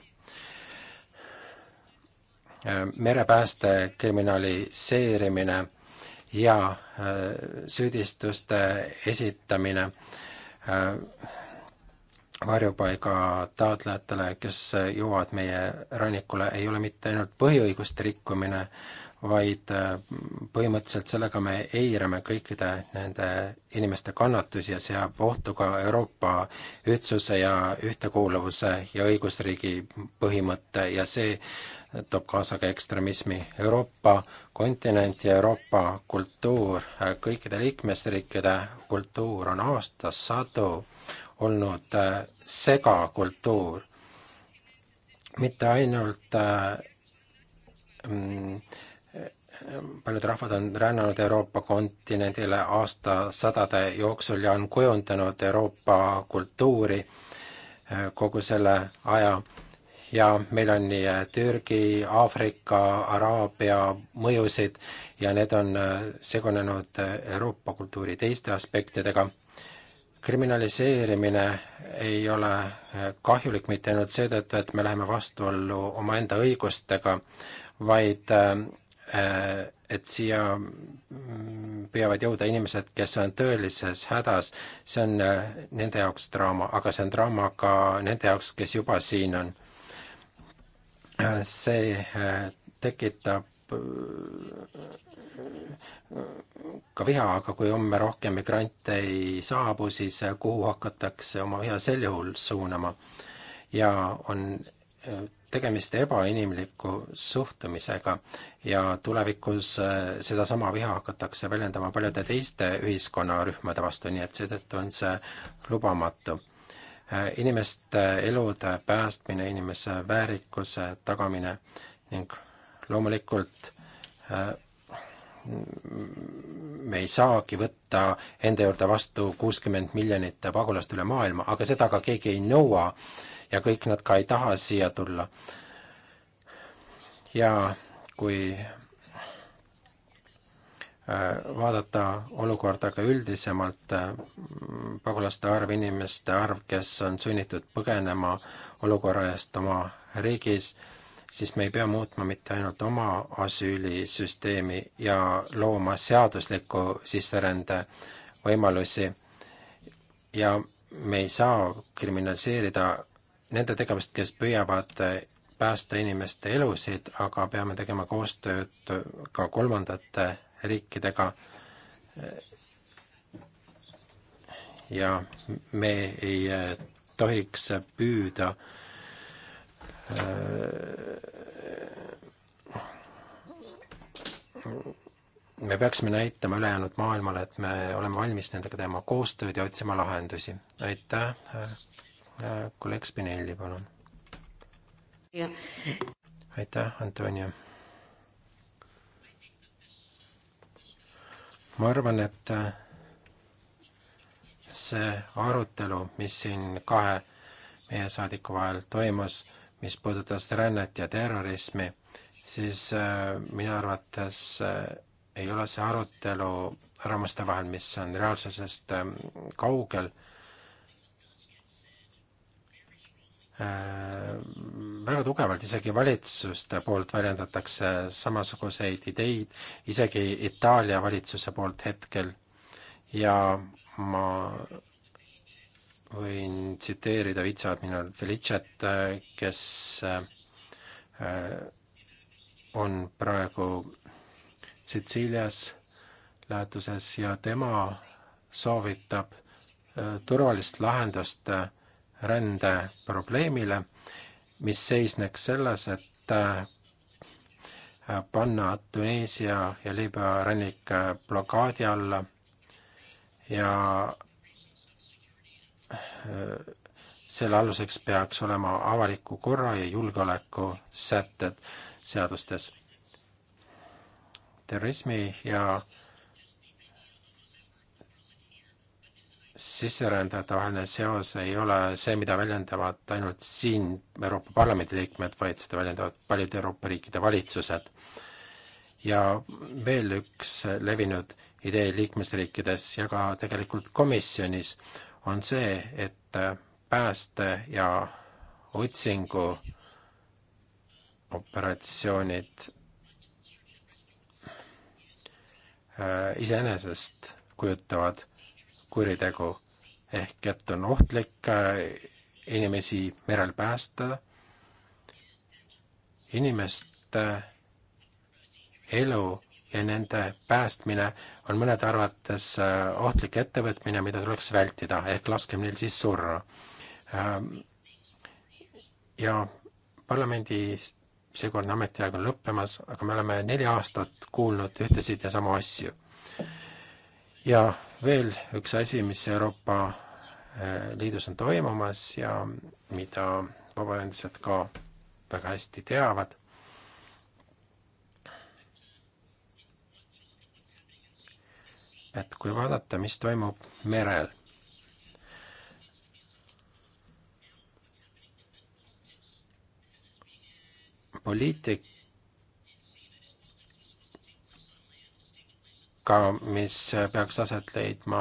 Äh, merepääste kriminaliseerimine ja süüdistuste esitamine äh, varjupaiga taotlejatele, kes jõuavad meie rannikule, ei ole mitte ainult põhiõiguste rikkumine, vaid äh, põhimõtteliselt sellega me eirame kõikide nende inimeste kannatusi ja seab ohtu ka Euroopa ühtsuse ja ühtekuuluvuse ja õigusriigi põhimõtte ja see toob kaasa ka ekstremismi. Euroopa kontinent ja Euroopa kultuur, äh, kõikide liikmesriikide kultuur on aastasadu olnud äh, segakultuur, mitte ainult äh, mm, paljud rahvad on rännanud Euroopa kontinendile aastasadade jooksul ja on kujundanud Euroopa kultuuri eh, kogu selle aja ja meil on nii eh, Türgi, Aafrika, Araabia mõjusid ja need on eh, segunenud Euroopa kultuuri teiste aspektidega. kriminaliseerimine ei ole kahjulik mitte ainult seetõttu, et me läheme vastuollu omaenda õigustega, vaid Äh, et siia mm, püüavad jõuda inimesed, kes on tõelises hädas, see on äh, nende jaoks draama, aga see on draama ka nende jaoks, kes juba siin on. Äh, see tekitab ka viha, aga kui homme rohkem migrante ei saabu, siis kuhu hakatakse oma viha sel juhul suunama? ja on tegemist ebainimliku suhtumisega ja tulevikus äh, sedasama viha hakatakse väljendama paljude teiste ühiskonnarühmade vastu, nii et seetõttu on see lubamatu. Äh, inimeste elude päästmine, inimese väärikuse tagamine ning loomulikult äh, me ei saagi võtta enda juurde vastu kuuskümmend miljonit pagulast üle maailma, aga seda ka keegi ei nõua äh, ja kõik nad ka ei taha siia tulla. ja kui äh, vaadata olukorda ka üldisemalt, äh, pagulaste arv, inimeste arv, kes on sunnitud põgenema olukorra eest oma riigis, siis me ei pea muutma mitte ainult oma asüülisüsteemi ja looma seadusliku sisserände võimalusi ja me ei saa kriminaliseerida nende tegevust, kes püüavad äh, päästa inimeste elusid, aga peame tegema koostööd äh, ka kolmandate riikidega. Äh, ja me ei tohiks püüda me peaksime näitama ülejäänud maailmale, et me oleme valmis nendega tegema koostööd ja otsima lahendusi. aitäh, Äh, kolleeg Spinelli, palun. aitäh, Antonia. ma arvan, et äh, see arutelu, mis siin kahe meie saadiku vahel toimus, mis puudutas rännet ja terrorismi, siis äh, minu arvates ei ole see arutelu arvamuste vahel, mis on reaalsusest kaugel Äh, väga tugevalt isegi valitsuste poolt väljendatakse samasuguseid ideid, isegi Itaalia valitsuse poolt hetkel. ja ma võin tsiteerida vitseadmiral Felicet, kes äh, on praegu Sitsiilias lähetuses ja tema soovitab äh, turvalist lahendust äh, rändeprobleemile, mis seisneks selles, et äh, panna Tuneesia ja Liibüa rannik äh, blokaadi alla ja äh, selle aluseks peaks olema avaliku korra ja julgeoleku sätted seadustes. terrorismi ja sisserändajate vaheline seos ei ole see, mida väljendavad ainult siin Euroopa Parlamendi liikmed, vaid seda väljendavad paljud Euroopa riikide valitsused. ja veel üks levinud idee liikmesriikides ja ka tegelikult komisjonis on see, et pääste ja otsingu operatsioonid äh, iseenesest kujutavad kuritegu ehk et on ohtlik äh, inimesi merel päästa, inimeste äh, elu ja nende päästmine on mõnede arvates äh, ohtlik ettevõtmine, mida tuleks vältida, ehk laskem neil siis surra. Ähm, ja parlamendi seekordne ametiaeg on lõppemas, aga me oleme neli aastat kuulnud ühtesid ja samu asju ja veel üks asi, mis Euroopa äh, Liidus on toimumas ja mida vabaühendused ka väga hästi teavad, et kui vaadata, mis toimub merel, poliitik ka, mis peaks aset leidma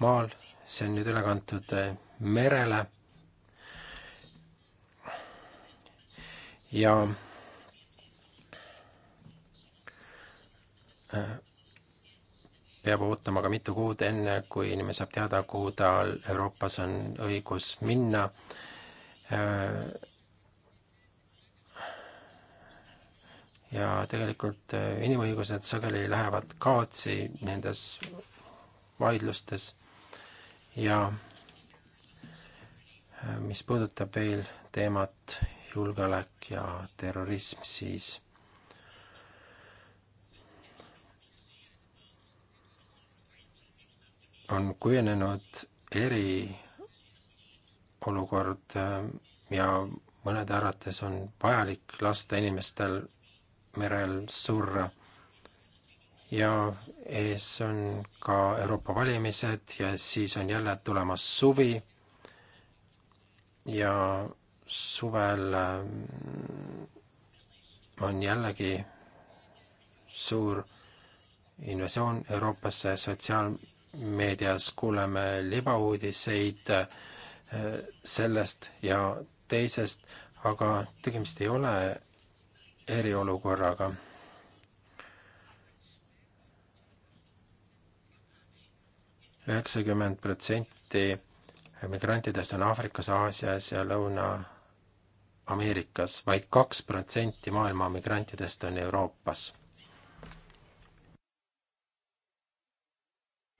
maal, see on nüüd üle kantud eh, merele ja eh, peab ootama ka mitu kuud, enne kui inimene saab teada, kuhu tal Euroopas on õigus minna. Eh, ja tegelikult äh, inimõigused sageli lähevad kaotsi nendes vaidlustes ja äh, mis puudutab veel teemat julgeolek ja terrorism, siis on kujunenud eriolukord äh, ja mõnede arvates on vajalik lasta inimestel merel surra. ja ees on ka Euroopa valimised ja siis on jälle tulemas suvi ja suvel ähm, on jällegi suur invasioon Euroopasse, sotsiaalmeedias kuuleme libauudiseid äh, sellest ja teisest, aga tegemist ei ole eriolukorraga. üheksakümmend protsenti migrantidest on Aafrikas, Aasias ja Lõuna-Ameerikas, vaid kaks protsenti maailma migrantidest on Euroopas.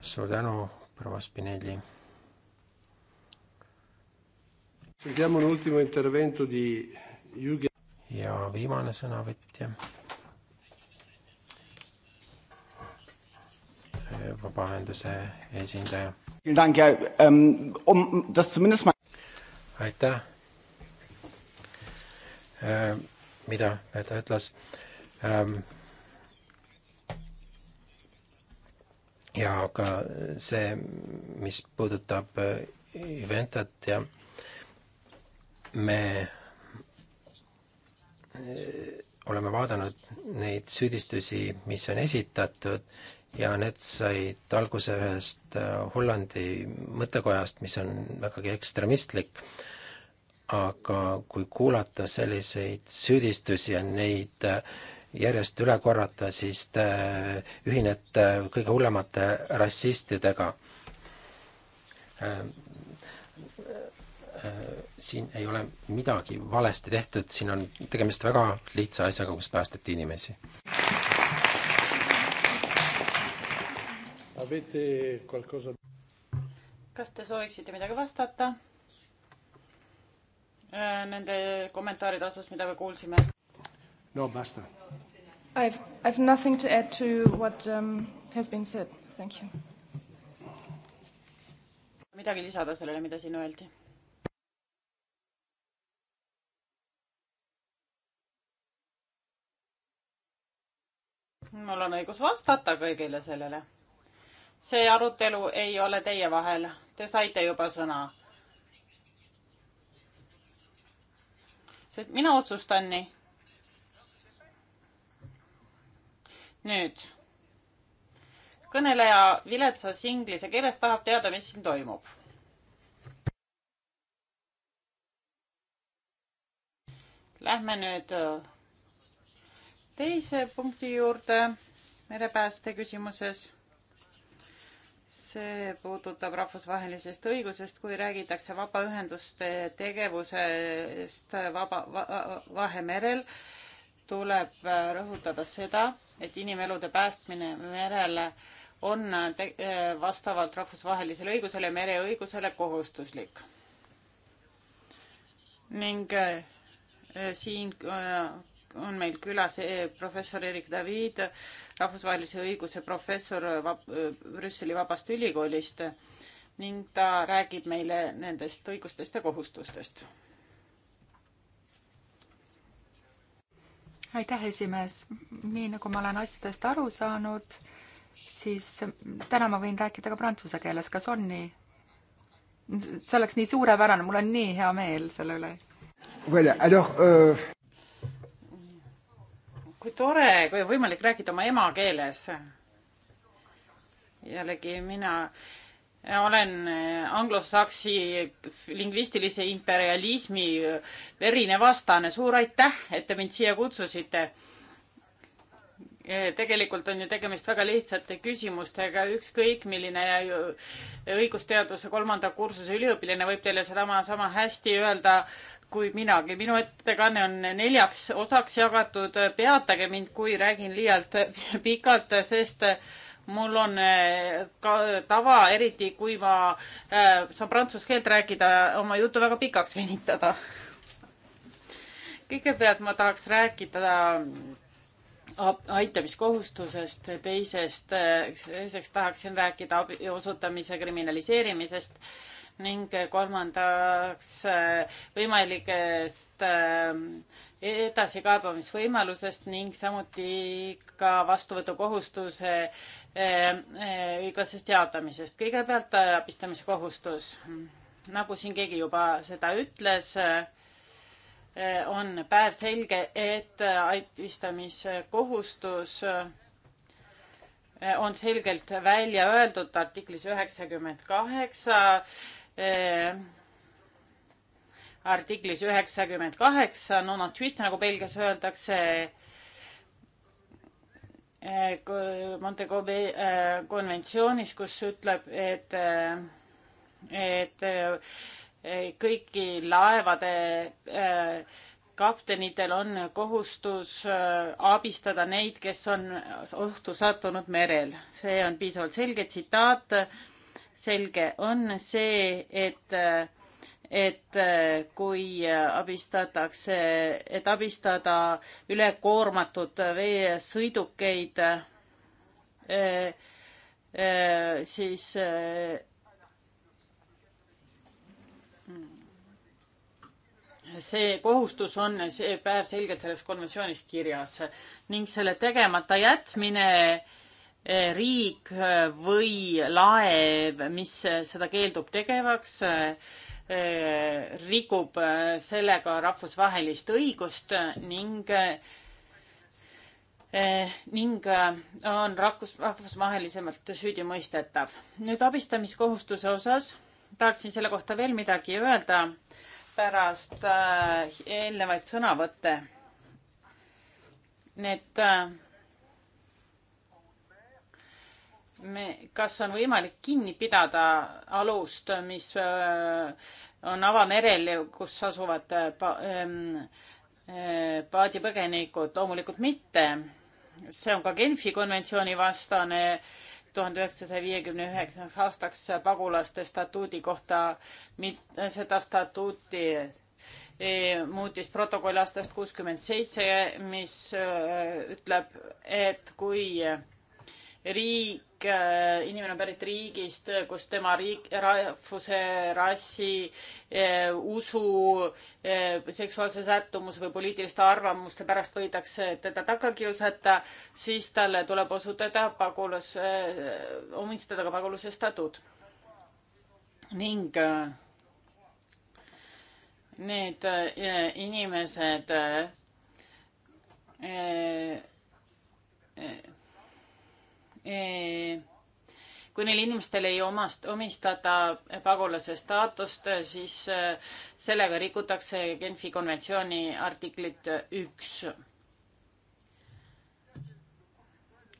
suur tänu, proua Spinelli. Sentiamo un ultimo intervento di Jürgen ja viimane sõnavõtja. vabaühenduse esindaja. Ähm, um aitäh. Äh, mida ta ütles? Ähm, ja ka see, mis puudutab Juventat äh, ja me oleme vaadanud neid süüdistusi, mis on esitatud ja need said alguse ühest äh, Hollandi mõttekojast, mis on vägagi ekstremistlik. aga kui kuulata selliseid süüdistusi ja neid äh, järjest üle korrata, siis te äh, ühinete kõige hullemate rassistidega Äh, siin ei ole midagi valesti tehtud, siin on tegemist väga lihtsa asjaga, kus päästeti inimesi. kas te sooviksite midagi vastata äh, nende kommentaaride osas, mida me kuulsime? no basta. I have, I have nothing to add to what um, has been said, thank you. midagi lisada sellele, mida siin öeldi? mul on õigus vastata kõigile sellele. see arutelu ei ole teie vahel, te saite juba sõna. sest mina otsustan nii. nüüd. kõneleja viletsas inglise keeles tahab teada, mis siin toimub. Lähme nüüd äh, teise punkti juurde merepääste küsimuses. see puudutab rahvusvahelisest õigusest, kui räägitakse vabaühenduste tegevusest vaba va, Vahemerel, tuleb rõhutada seda, et inimelude päästmine merele on te, vastavalt rahvusvahelisele õigusele, mereõigusele kohustuslik. ning eh, siin eh, on meil külas e-, professor Erik David, rahvusvahelise õiguse professor Vab Brüsseli Vabast Ülikoolist ning ta räägib meile nendest õigustest ja kohustustest. aitäh, esimees. nii nagu ma olen asjadest aru saanud, siis täna ma võin rääkida ka prantsuse keeles, kas on nii? see oleks nii suurepärane, mul on nii hea meel selle üle. Voilà, alors euh kui tore, kui on võimalik rääkida oma emakeeles. jällegi mina Ja olen anglosaksi lingvistilise imperialismi verine vastane. suur aitäh, et te mind siia kutsusite. tegelikult on ju tegemist väga lihtsate küsimustega, ükskõik milline õigusteaduse kolmanda kursuse üliõpilane võib teile sedama sama hästi öelda kui minagi. minu ettekanne on neljaks osaks jagatud. peatage mind, kui räägin liialt pikalt, sest mul on eh, ka tava, eriti kui ma eh, saan prantsuse keelt rääkida, oma jutu väga pikaks venitada. kõigepealt ma tahaks rääkida aitamiskohustusest, teisest, teiseks tahaksin rääkida abi osutamise kriminaliseerimisest ning kolmandaks äh, võimalikest äh, edasikaebamisvõimalusest ning samuti ka vastuvõtukohustuse äh, õiglasest jaotamisest. kõigepealt abistamiskohustus. nagu siin keegi juba seda ütles Eh, on päevselge, et eh, aitistamiskohustus eh, on selgelt välja öeldud artiklis üheksakümmend kaheksa, artiklis üheksakümmend kaheksa, no not tweet, nagu Belgias öeldakse, Montegobi konventsioonis, kus ütleb, et, et kõiki laevade äh, kaptenitel on kohustus äh, abistada neid, kes on ohtu sattunud merel. see on piisavalt selge tsitaat. selge on see, et, et äh, kui abistatakse, et abistada ülekoormatud veesõidukeid, siis see kohustus on see päevselgelt selles konventsioonis kirjas ning selle tegemata jätmine eh, riik eh, või laev, mis eh, seda keeldub tegevaks, rikub sellega rahvusvahelist õigust ning ning on rahvus, rahvusvahelisemalt süüdimõistetav. nüüd abistamiskohustuse osas tahaksin selle kohta veel midagi öelda pärast äh, eelnevaid sõnavõtte. Need, äh, me, kas on võimalik kinni pidada alust, mis äh, on avamerel, kus asuvad ähm, paadipõgenikud, loomulikult mitte. see on ka Genfi konventsiooni vastane äh, tuhande üheksasaja viiekümne üheksandaks aastaks pagulaste statuudi kohta, seda statuuti e, muutis protokoll aastast kuuskümmend seitse, mis e, ütleb, et kui riik Äh, inimene on pärit riigist, kus tema riik, rahvuse, rassi, äh, usu, äh, seksuaalse sättumuse või poliitiliste arvamuste pärast võidakse teda taga kiusata, siis talle tuleb osutada pagulas, omistada ka pagulase statuut. ning need inimesed Eh, kui neil inimestel ei omast, omistata pagulase staatust, siis eh, sellega rikutakse Genfi konventsiooni artiklit üks.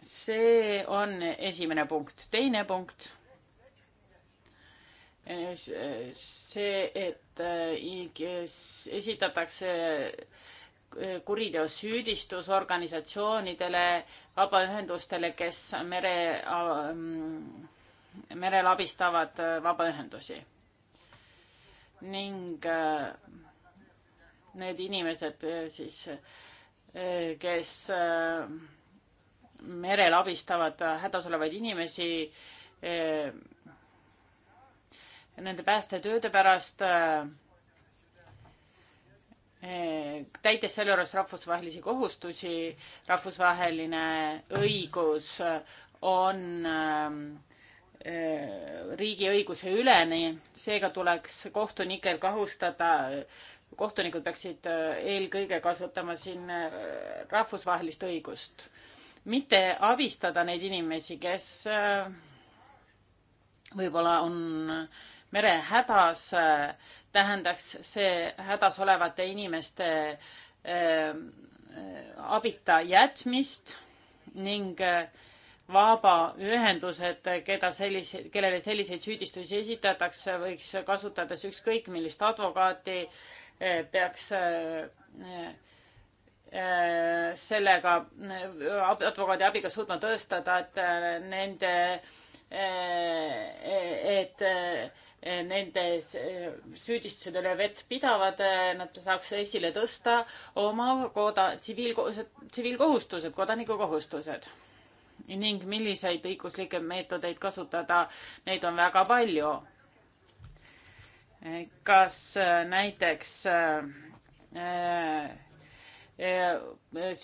see on esimene punkt. teine punkt eh, see, et esitatakse kuriteosüüdistus organisatsioonidele, vabaühendustele, kes mere, ähm, merel abistavad äh, vabaühendusi. ning äh, need inimesed äh, siis, kes merel abistavad hädas olevaid inimesi, nende päästetööde pärast äh, Eh, täites selle juures rahvusvahelisi kohustusi, rahvusvaheline õigus eh, on eh, riigi õiguse üleni, seega tuleks kohtunikel kahustada, kohtunikud peaksid eelkõige kasutama siin rahvusvahelist õigust, mitte abistada neid inimesi, kes võib-olla on merehädas tähendaks see hädas olevate inimeste ähm, äh, abita jätmist ning äh, vabaühendused, keda selliseid, kellele selliseid süüdistusi esitatakse, võiks kasutades ükskõik millist advokaati, äh, peaks sellega advokaadi abiga suutma tõestada, et nende Äh, äh, et äh, nende süüdistused üle vett pidavad, nad saaks esile tõsta oma koda, tsiviilkohused, tsiviilkohustused, kodanikukohustused. ning milliseid õiguslikke meetodeid kasutada, neid on väga palju. kas näiteks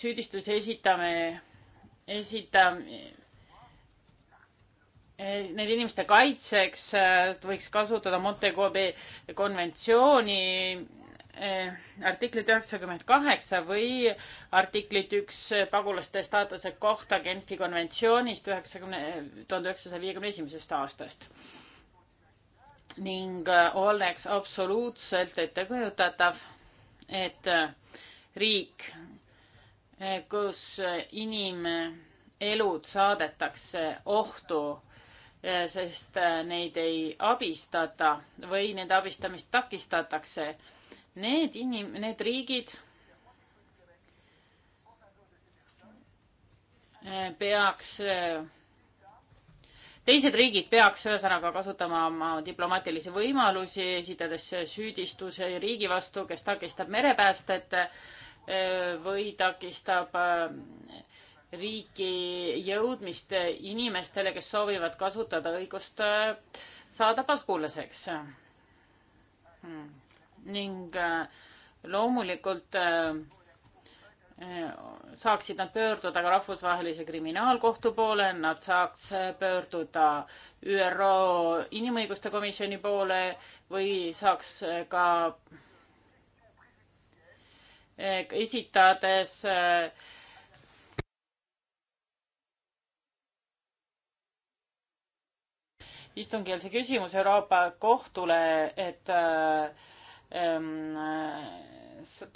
süüdistuse esitame, esitame Eh, nende inimeste kaitseks eh, võiks kasutada Montegobi konventsiooni eh, artiklit üheksakümmend kaheksa või artiklit üks pagulaste staatuse kohta Genfi konventsioonist üheksakümne, tuhande üheksasaja viiekümne esimesest aastast. ning oleks absoluutselt ettekujutatav, et riik, kus inimelud saadetakse ohtu Äh, sest äh, neid ei abistata või nende abistamist takistatakse. Need inim-, need riigid äh, peaks, teised riigid peaks ühesõnaga kasutama oma diplomaatilisi võimalusi, esitades süüdistuse riigi vastu, kes takistab merepäästet või takistab äh, riiki jõudmist inimestele, kes soovivad kasutada õigust äh, saada pagulaseks hmm.. ning äh, loomulikult äh, saaksid nad pöörduda ka rahvusvahelise kriminaalkohtu poole, nad saaks pöörduda ÜRO Inimõiguste Komisjoni poole või saaks ka esitades äh, istungil see küsimus Euroopa Kohtule, et äh,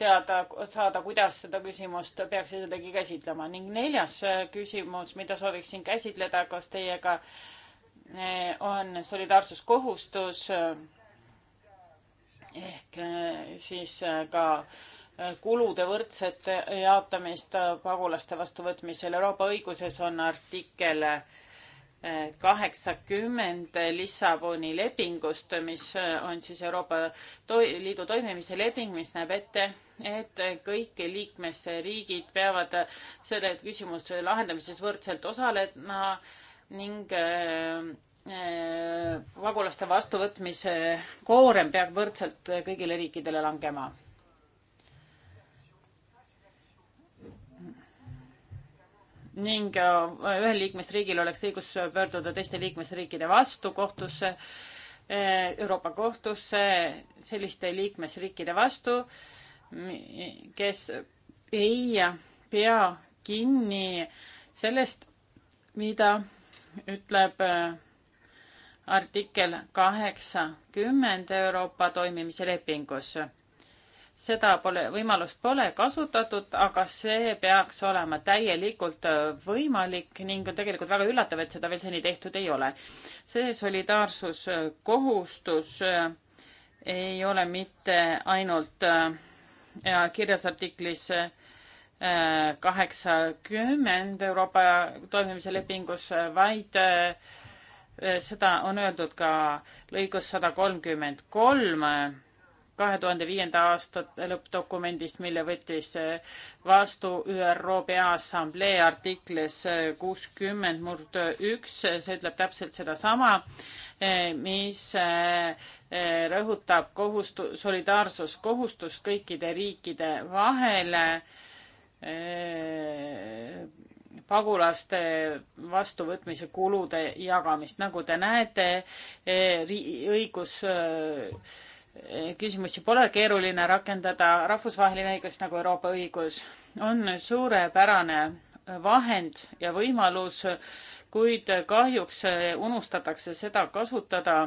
teada saada, kuidas seda küsimust peaks isegi käsitlema ning neljas äh, küsimus, mida sooviksin käsitleda koos teiega, äh, on solidaarsuskohustus ehk siis ka kulude võrdset jaotamist pagulaste vastuvõtmisel. Euroopa õiguses on artikkel kaheksakümmend Lissaboni lepingust, mis äh, on siis Euroopa Liidu toimimise leping, mis näeb ette, et kõik liikmesriigid peavad selle küsimuse lahendamises võrdselt osalema ning äh, äh, pagulaste vastuvõtmise koorem peab võrdselt kõigile riikidele langema ning äh, ühel liikmesriigil oleks õigus pöörduda teiste liikmesriikide vastu kohtusse, äh, Euroopa kohtusse selliste liikmesriikide vastu, kes ei pea kinni sellest, mida ütleb äh, artikkel kaheksakümmend Euroopa toimimise lepingus seda pole, võimalust pole kasutatud, aga see peaks olema täielikult äh, võimalik ning on tegelikult väga üllatav, et seda veel seni tehtud ei ole. see solidaarsuskohustus äh, ei ole mitte ainult äh, kirjas artiklis kaheksakümmend Euroopa toimimise lepingus, vaid seda on öeldud ka lõigus sada kolmkümmend kolm kahe tuhande viienda aasta lõppdokumendist, mille võttis äh, vastu ÜRO Peaassamblee artiklis äh, kuuskümmend murd üks, see ütleb täpselt sedasama, äh, mis rõhutab kohustu-, solidaarsuskohustust kõikide riikide vahel pagulaste vastuvõtmise kulude jagamist, nagu te näete, õigus küsimusi pole keeruline rakendada, rahvusvaheline õigus nagu Euroopa õigus on suurepärane vahend ja võimalus, kuid kahjuks unustatakse seda kasutada.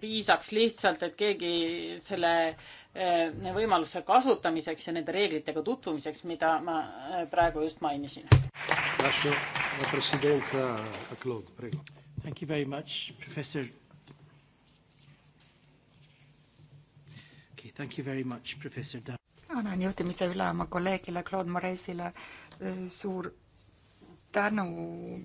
piisaks lihtsalt, et keegi selle eh, võimaluse kasutamiseks ja nende reeglitega tutvumiseks, mida ma eh, praegu just mainisin. Thank you very much, Professor. Okay, thank you very much, Professor Dan. annan juhtimise üle oma kolleegile Claude Moresile. Äh, suur tänu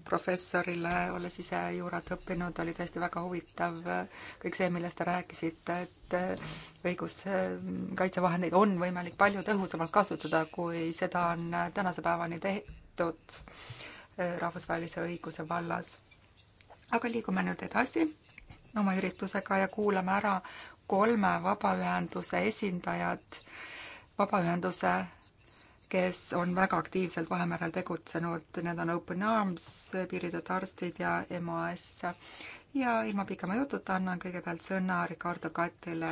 professorile, olles ise äh, juurat õppinud, oli tõesti väga huvitav äh, kõik see, millest te rääkisite, et õiguskaitsevahendeid on võimalik palju tõhusamalt kasutada, kui seda on tänase päevani tehtud rahvusvahelise õiguse vallas aga liigume nüüd edasi oma üritusega ja kuulame ära kolme vabaühenduse esindajad, vabaühenduse, kes on väga aktiivselt Vahemerel tegutsenud, need on Open Arms, Piiriteta Arstid ja EMAS. ja ilma pikema jututa annan kõigepealt sõna Ricardo Katile.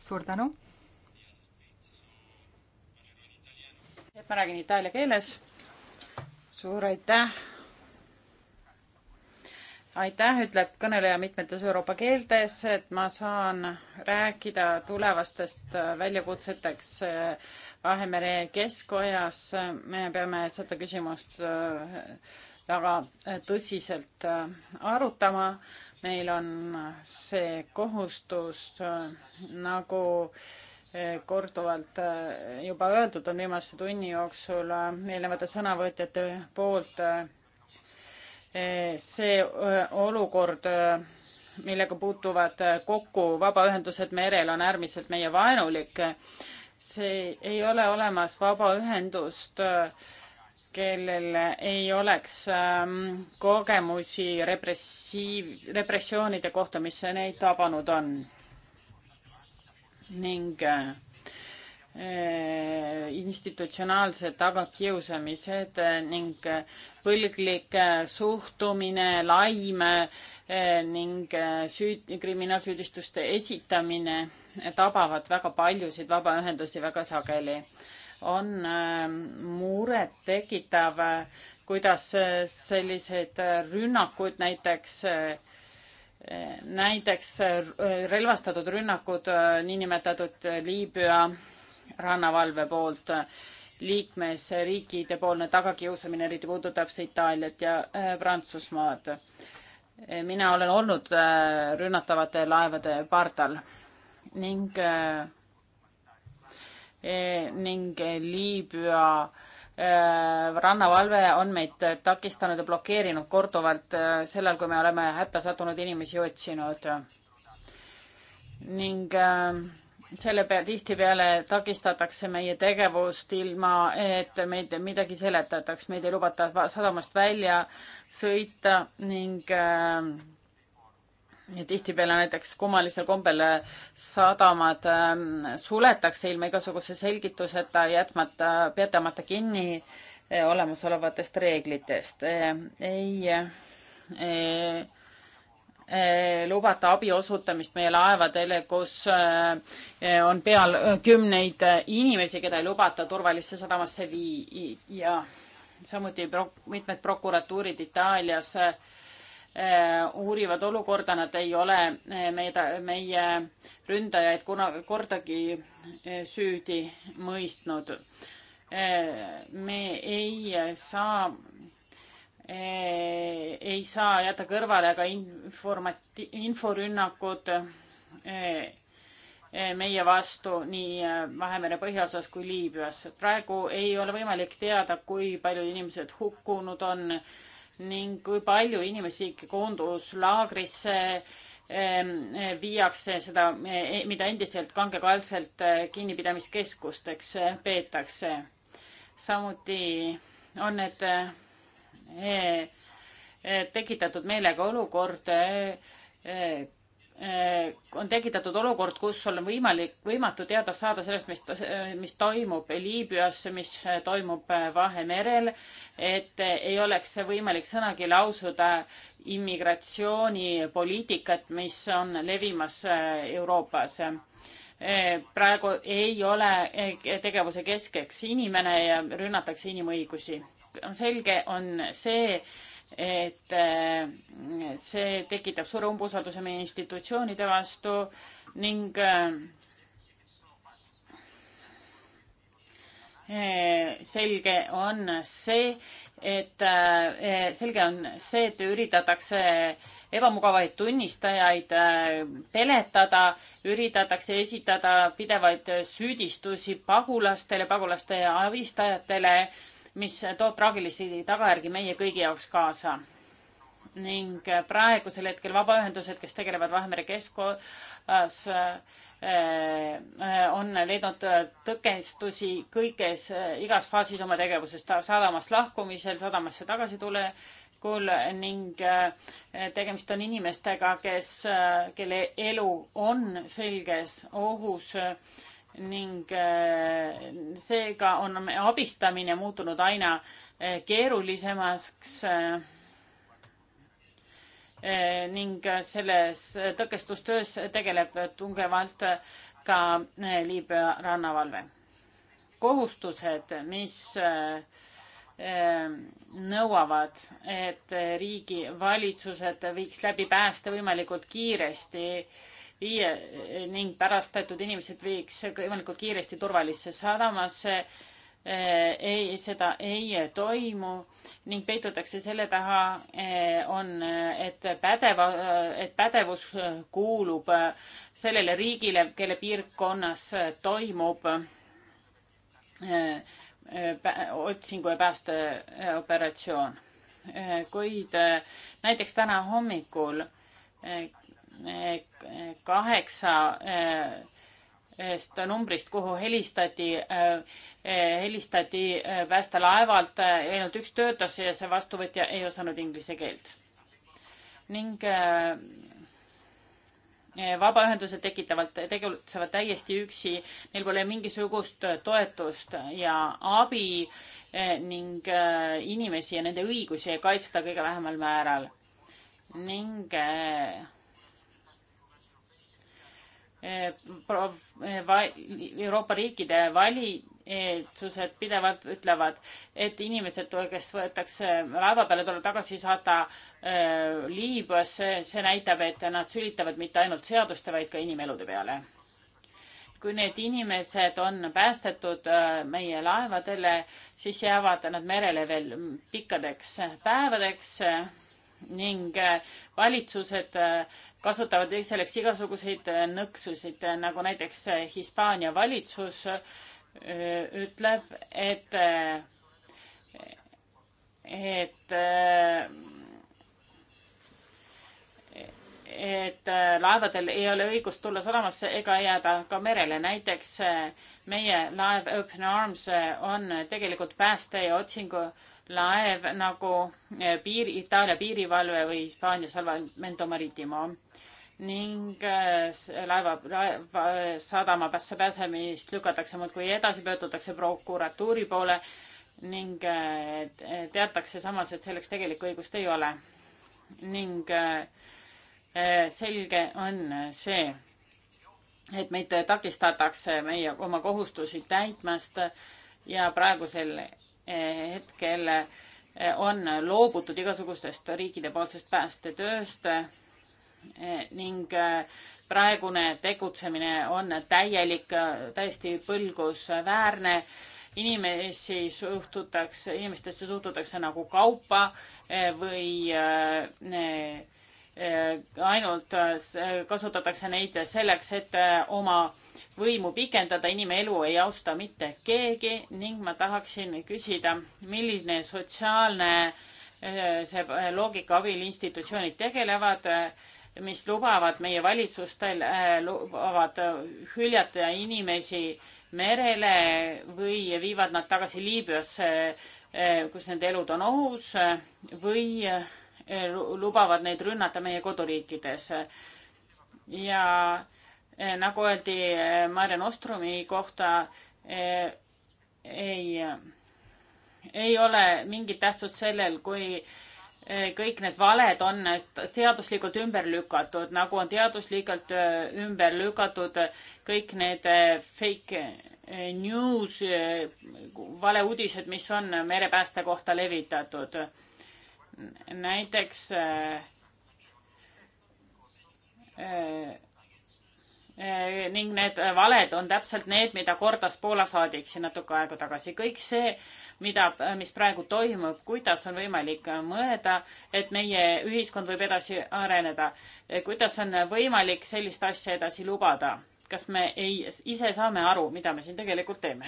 suur tänu. et ma räägin itaalia keeles. suur aitäh aitäh, ütleb kõneleja mitmetes Euroopa keeltes, et ma saan rääkida tulevastest äh, väljakutseteks äh, Vahemere keskojas. me peame seda küsimust äh, väga tõsiselt arutama. meil on see kohustus nagu korduvalt juba öeldud on viimase tunni jooksul eelnevate sõnavõtjate poolt see olukord, millega puutuvad kokku vabaühendused merel, on äärmiselt meie vaenulik. see ei ole olemas vabaühendust, kellel ei oleks kogemusi repressiiv, repressioonide kohta, mis neid tabanud on. ning äh, Eh, institutsionaalsed tagakiusamised eh, ning põlglik eh, suhtumine, laim ning süüd, kriminaalsüüdistuste esitamine tabavad väga paljusid vabaühendusi väga sageli. on murettekitav, kuidas selliseid rünnakuid näiteks näiteks relvastatud rünnakud niinimetatud Liibüa rannavalve poolt liikmesriikide poolne tagakiusamine, eriti puudutab see Itaaliat ja äh, Prantsusmaad. Äh, mina olen olnud äh, rünnatavate laevade pardal ning e, ning Liibüa rannavalve on meid takistanud ja blokeerinud korduvalt sellal, kui me oleme hätta sattunud inimesi otsinud. ning äh, selle peale tihtipeale takistatakse meie tegevust ilma, et meid midagi seletataks, meid ei lubata sadamast välja sõita ning äh, tihtipeale näiteks kummalisel kombel äh, sadamad äh, suletakse ilma igasuguse selgituseta, jätmata, peatamata kinni äh, olemasolevatest reeglitest. Äh, ei äh, Eh, lubata abi osutamist meie laevadele, kus eh, on peal eh, kümneid inimesi, keda ei lubata turvalisse sadamasse viia. samuti prok-, mitmed prokuratuurid Itaalias uurivad olukorda, nad ei ole meie, meie ründajaid kuna-, kordagi süüdi mõistnud. me ei saa Eh, ei saa jätta kõrvale ka informati-, inforünnakud eh, eh, meie vastu nii Vahemere põhjaosas kui Liibüas. praegu ei ole võimalik teada, kui paljud inimesed hukkunud on ning kui palju inimesi koonduslaagrisse viiakse seda, mida endiselt kangekaelselt kinnipidamiskeskusteks peetakse. samuti on need Eh, eh, tekitatud meelega olukord, eh, on tekitatud olukord, kus on võimalik, võimatu teada saada sellest, mis, mis toimub Liibüas, mis toimub Vahemerel, et ei oleks võimalik sõnagi lausuda immigratsioonipoliitikat, mis on levimas Euroopas praegu ei ole tegevuse keskeks inimene ja rünnatakse inimõigusi on selge, on see, et äh, see tekitab suure umbusalduse meie institutsioonide vastu ning äh, äh, selge on see, et selge on see, et üritatakse ebamugavaid tunnistajaid peletada, üritatakse esitada pidevaid süüdistusi pagulastele, pagulaste abistajatele mis toob traagilisi tagajärgi meie kõigi jaoks kaasa. ning praegusel hetkel vabaühendused, kes tegelevad Vahemere keskkonnas, eh, on leidnud tõkestusi kõiges, igas faasis oma tegevuses, sadamast lahkumisel, sadamasse tagasi tule, hommikul ning eh, tegemist on inimestega, kes, kelle elu on selges ohus ning äh, seega on abistamine muutunud aina äh, keerulisemaks äh, ning selles tõkestustöös tegeleb tungevalt ka Liibüa rannavalve. kohustused, mis nõuavad, et riigi valitsused viiks läbi pääste võimalikult kiiresti viie ning pärastatud inimesed viiks võimalikult kiiresti turvalisse sadamasse. Äh, ei, seda ei toimu ning peitutakse selle taha, äh, on, et pädeva, et pädevus kuulub sellele riigile, kelle piirkonnas toimub äh, otsingu ja päästeoperatsioon. kuid näiteks täna hommikul kaheksa eh, eh, numbrist, kuhu helistati, eh, helistati päästelaevalt, ainult üks töötas ja see vastuvõtja ei osanud inglise keelt. ning vabaühendused tekitavad, tegutsevad täiesti üksi, neil pole mingisugust toetust ja abi ning inimesi ja nende õigusi ei kaitsta kõige vähemal määral. ning Euroopa riikide valitsused pidevalt ütlevad, et inimesed, kes võetakse laeva peale, tuleb tagasi saada äh, Liibüasse. see näitab, et nad sülitavad mitte ainult seaduste, vaid ka inimelude peale. kui need inimesed on päästetud äh, meie laevadele, siis jäävad nad merele veel pikkadeks päevadeks ning äh, valitsused äh, kasutavad selleks igasuguseid äh, nõksusid, nagu näiteks Hispaania valitsus ütleb, et, et, et laevadel ei ole õigust tulla sadamasse ega jääda ka merele. näiteks meie laev Open Arms on tegelikult pääste ja otsingu äh, laev nagu eh, piir, Itaalia piirivalve või Hispaania Salvamento Maritimo ning eh, laeva, laeva eh, sadamasse pääsemist lükatakse muudkui edasi, pöördutakse prokuratuuri poole ning teatakse samas, et selleks tegelikku õigust ei ole. ning selge on see, et meid takistatakse meie oma kohustusi täitmast ja praegusel hetkel eh, on loobutud igasugustest riikidepoolsest päästetööst eh, ning eh, praegune tegutsemine on täielik, täiesti põlgusväärne. inimesi suhtutakse, inimestesse suhtutakse nagu kaupa või ainult kasutatakse neid selleks, et oma võimu pikendada, inimelu ei austa mitte keegi ning ma tahaksin küsida, milline sotsiaalne eh, see loogika abil institutsioonid tegelevad, eh, mis lubavad meie valitsustel, eh, lubavad hüljata inimesi merele või viivad nad tagasi Liibüasse, kus nende elud on ohus või lubavad neid rünnata meie koduriikides. ja äh, Eh, nagu öeldi eh, Marja Nostrumi kohta, eh, ei, ei ole mingit tähtsust sellel, kui kõik need valed on teaduslikult ümber lükatud, nagu on teaduslikult ümber lükatud kõik need fake news, valeuudised, mis on merepääste kohta levitatud. näiteks äh, Eh, ning need valed on täpselt need, mida kordas Poola saadik siin natuke aega tagasi. kõik see, mida, mis praegu toimub, kuidas on võimalik mõelda, et meie ühiskond võib edasi areneda. Eh, kuidas on võimalik sellist asja edasi lubada? kas me ei, ise saame aru, mida me siin tegelikult teeme?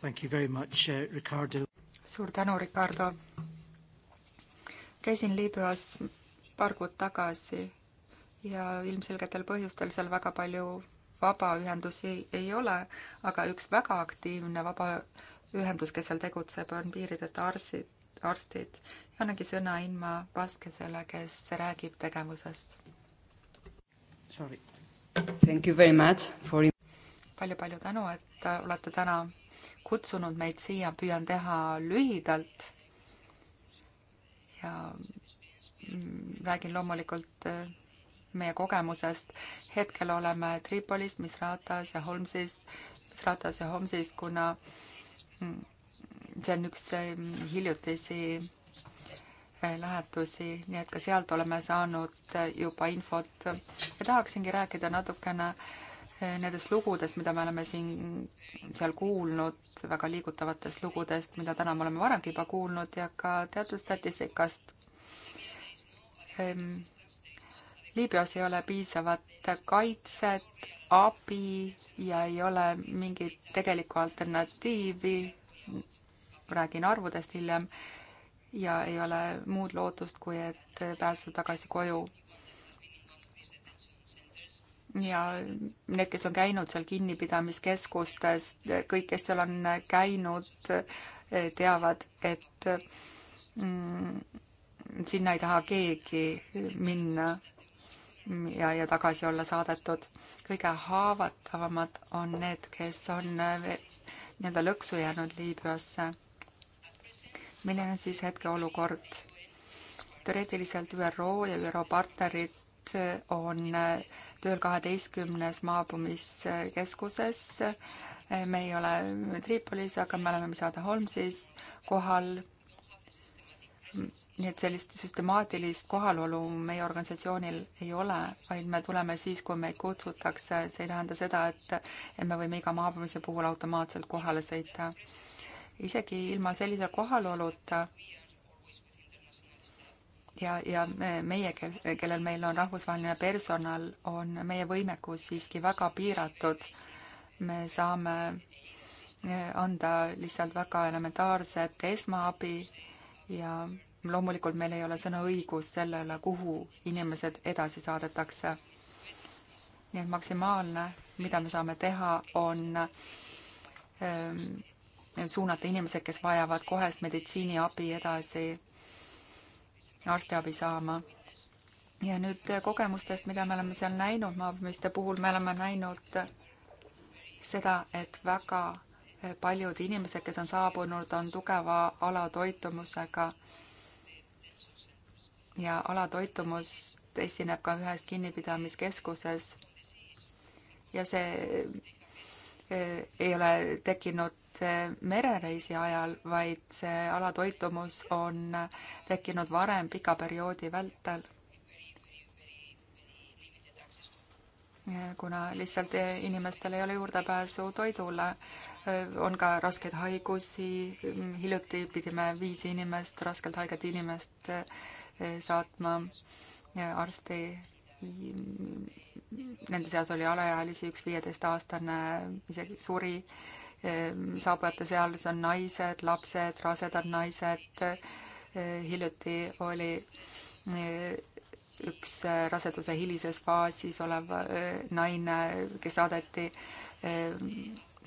Thank you very much, uh, Ricardo. suur tänu, Ricardo käisin Liibüas paar kuud tagasi ja ilmselgetel põhjustel seal väga palju vabaühendusi ei ole, aga üks väga aktiivne vabaühendus, kes seal tegutseb, on Piirideta Arstid, arstid. ja annangi sõna Inma Vaskesele, kes räägib tegevusest. Sorry. Thank you very much for palju-palju tänu, et olete täna kutsunud meid siia, püüan teha lühidalt ja mm, räägin loomulikult äh, meie kogemusest. hetkel oleme Tripolis, Misratas ja Holmsis, Misratas ja Holmsis, kuna mm, see on üks ähm, hiljutisi äh, lähetusi, nii et ka sealt oleme saanud äh, juba infot ja tahaksingi rääkida natukene äh, nendes lugudes, mida me oleme siin, seal kuulnud, väga liigutavatest lugudest, mida täna me oleme varemgi juba kuulnud ja ka teatud statistikast. Ehm, Liibüas ei ole piisavat kaitset, abi ja ei ole mingit tegelikku alternatiivi, räägin arvudest hiljem, ja ei ole muud lootust, kui et pääseda tagasi koju ja need, kes on käinud seal kinnipidamiskeskustes, kõik, kes seal on käinud, teavad, et mm, sinna ei taha keegi minna ja, ja tagasi olla saadetud. kõige haavatavamad on need, kes on eh, nii-öelda lõksu jäänud Liibüasse. milline on siis hetkeolukord? teoreetiliselt ÜRO ja ÜRO partnerid eh, on äh, tööl kaheteistkümnes maabumiskeskuses. me ei ole Tripolis, aga me oleme Misada Holmsis kohal. nii et sellist süstemaatilist kohalolu meie organisatsioonil ei ole, vaid me tuleme siis, kui meid kutsutakse, see ei tähenda seda, et, et me võime iga maabumise puhul automaatselt kohale sõita. isegi ilma sellise kohaloluta ja, ja meie, kellel meil on rahvusvaheline personal, on meie võimekus siiski väga piiratud. me saame eh, anda lihtsalt väga elementaarset esmaabi ja loomulikult meil ei ole sõnaõigust selle üle, kuhu inimesed edasi saadetakse. nii et maksimaalne, mida me saame teha, on ähm, suunata inimesed, kes vajavad kohest meditsiiniabi edasi arstiabi saama. ja nüüd kogemustest, mida me oleme seal näinud, maapõmiste puhul me oleme näinud seda, et väga paljud inimesed, kes on saabunud, on tugeva alatoitumusega. ja alatoitumus esineb ka ühes kinnipidamiskeskuses. ja see ei ole tekkinud eh, merereisi ajal, vaid see alatoitumus on tekkinud varem pika perioodi vältel. kuna lihtsalt inimestel ei ole juurdepääsu toidule, eh, on ka raskeid haigusi, hiljuti pidime viis inimest, raskelt haiget inimest eh, saatma arsti Nende seas oli alaealisi, üks viieteistaastane isegi suri ehm, saabujate seas on naised, lapsed, rasedad naised. Ehm, hiljuti oli ehm, üks raseduse hilises faasis olev naine, kes saadeti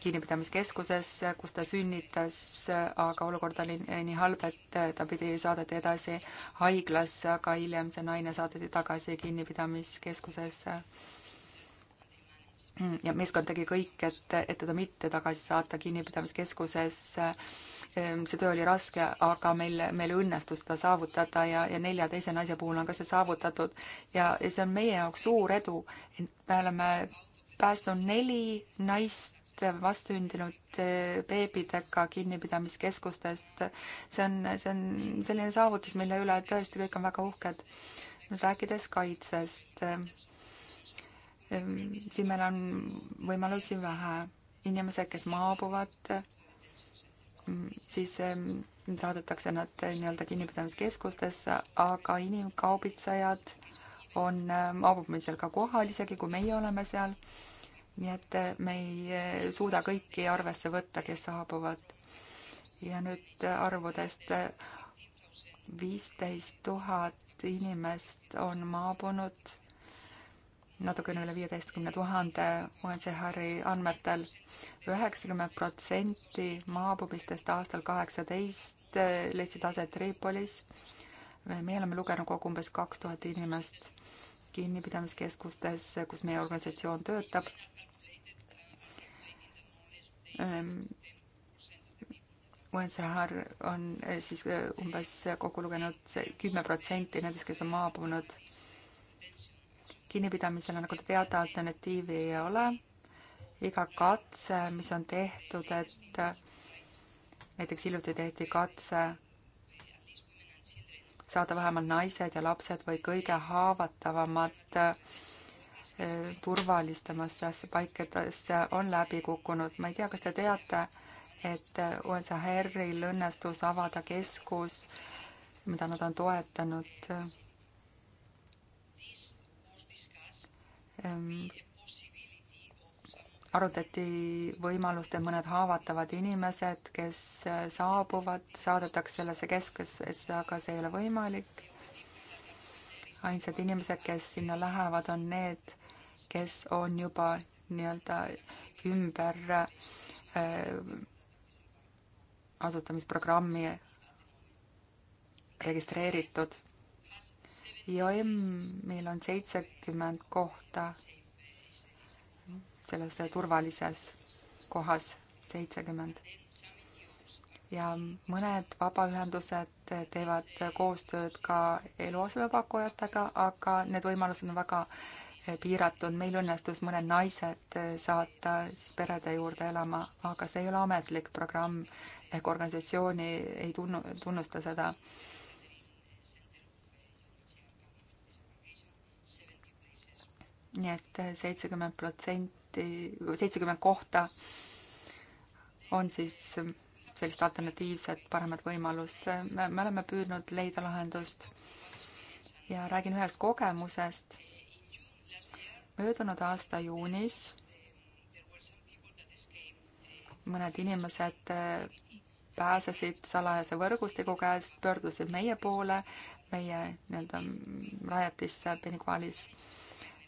kiinnipidamiskeskuses, kus ta sünnitas, aga olukord oli nii halb, et ta pidi saadeti edasi haiglasse, aga hiljem see naine saadeti tagasi kiinnipidamiskeskusesse. ja meeskond tegi kõik, et, et teda mitte tagasi saata kiinnipidamiskeskusesse. see töö oli raske, aga meil, meil õnnestus seda saavutada ja, ja nelja teise naise puhul on ka see saavutatud ja, ja see on meie jaoks suur edu, et me oleme päästnud neli naist vastsündinud eh, beebidega kinnipidamiskeskustest. see on, see on selline saavutus, mille üle tõesti kõik on väga uhked. nüüd rääkides kaitsest, eh, siin meil on võimalusi vähe. inimesed, kes maabuvad, mm, siis eh, saadetakse nad nii-öelda kinnipidamiskeskustesse, aga inimkaubitsejad on maabumisel ka kohal, isegi kui meie oleme seal nii et me ei suuda kõiki arvesse võtta, kes saabuvad. ja nüüd arvudest viisteist tuhat inimest on maabunud, natukene üle viieteistkümne tuhande UNCHR-i andmetel. üheksakümmend protsenti maabumistest aastal kaheksateist leidsid aset Tripolis. meie oleme lugenud kogu umbes kaks tuhat inimest kinnipidamiskeskustes, kus meie organisatsioon töötab Ähm, UNCHR on äh, siis äh, umbes kokku lugenud kümme protsenti nendest, kes on maabunud. kinnipidamisel, nagu te teate, alternatiivi ei ole. iga katse, mis on tehtud, et äh, näiteks hiljuti tehti katse saada vähemalt naised ja lapsed või kõige haavatavamad äh, turvalisematesse paikadesse on läbi kukkunud. ma ei tea, kas te teate, et UNHCR-il õnnestus avada keskus, mida nad on toetanud. Ehm, arutati võimalust, et mõned haavatavad inimesed, kes saabuvad, saadetakse sellesse keskusesse, aga see ei ole võimalik. ainsad inimesed, kes sinna lähevad, on need, kes on juba nii-öelda ümber äh, asutamisprogrammi registreeritud. IOM-il on seitsekümmend kohta selles turvalises kohas, seitsekümmend. ja mõned vabaühendused teevad koostööd ka eluasemepakkujatega, aga need võimalused on väga äh, piiratud, meil õnnestus mõned naised äh, saata siis perede juurde elama, aga see ei ole ametlik programm ehk organisatsiooni ei tunnu, tunnusta seda. nii et äh, seitsekümmend protsenti, seitsekümmend kohta on siis äh, sellist alternatiivset paremat võimalust. me, me oleme püüdnud leida lahendust ja räägin ühest kogemusest möödunud aasta juunis mõned inimesed eh, pääsesid salajase võrgustiku käest, pöördusid meie poole, meie nii-öelda rajatisse Benigualis.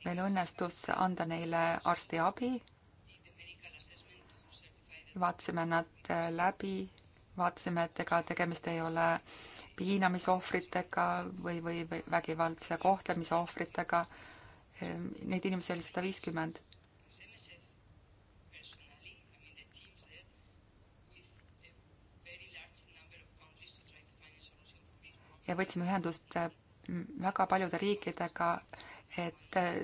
meil õnnestus anda neile arstiabi. vaatasime nad eh, läbi, vaatasime, et ega tegemist ei ole piinamisohvritega või, või, või vägivaldse kohtlemise ohvritega Ehm, neid inimesi oli sada viiskümmend. ja võtsime ühendust äh, väga paljude riikidega, et äh,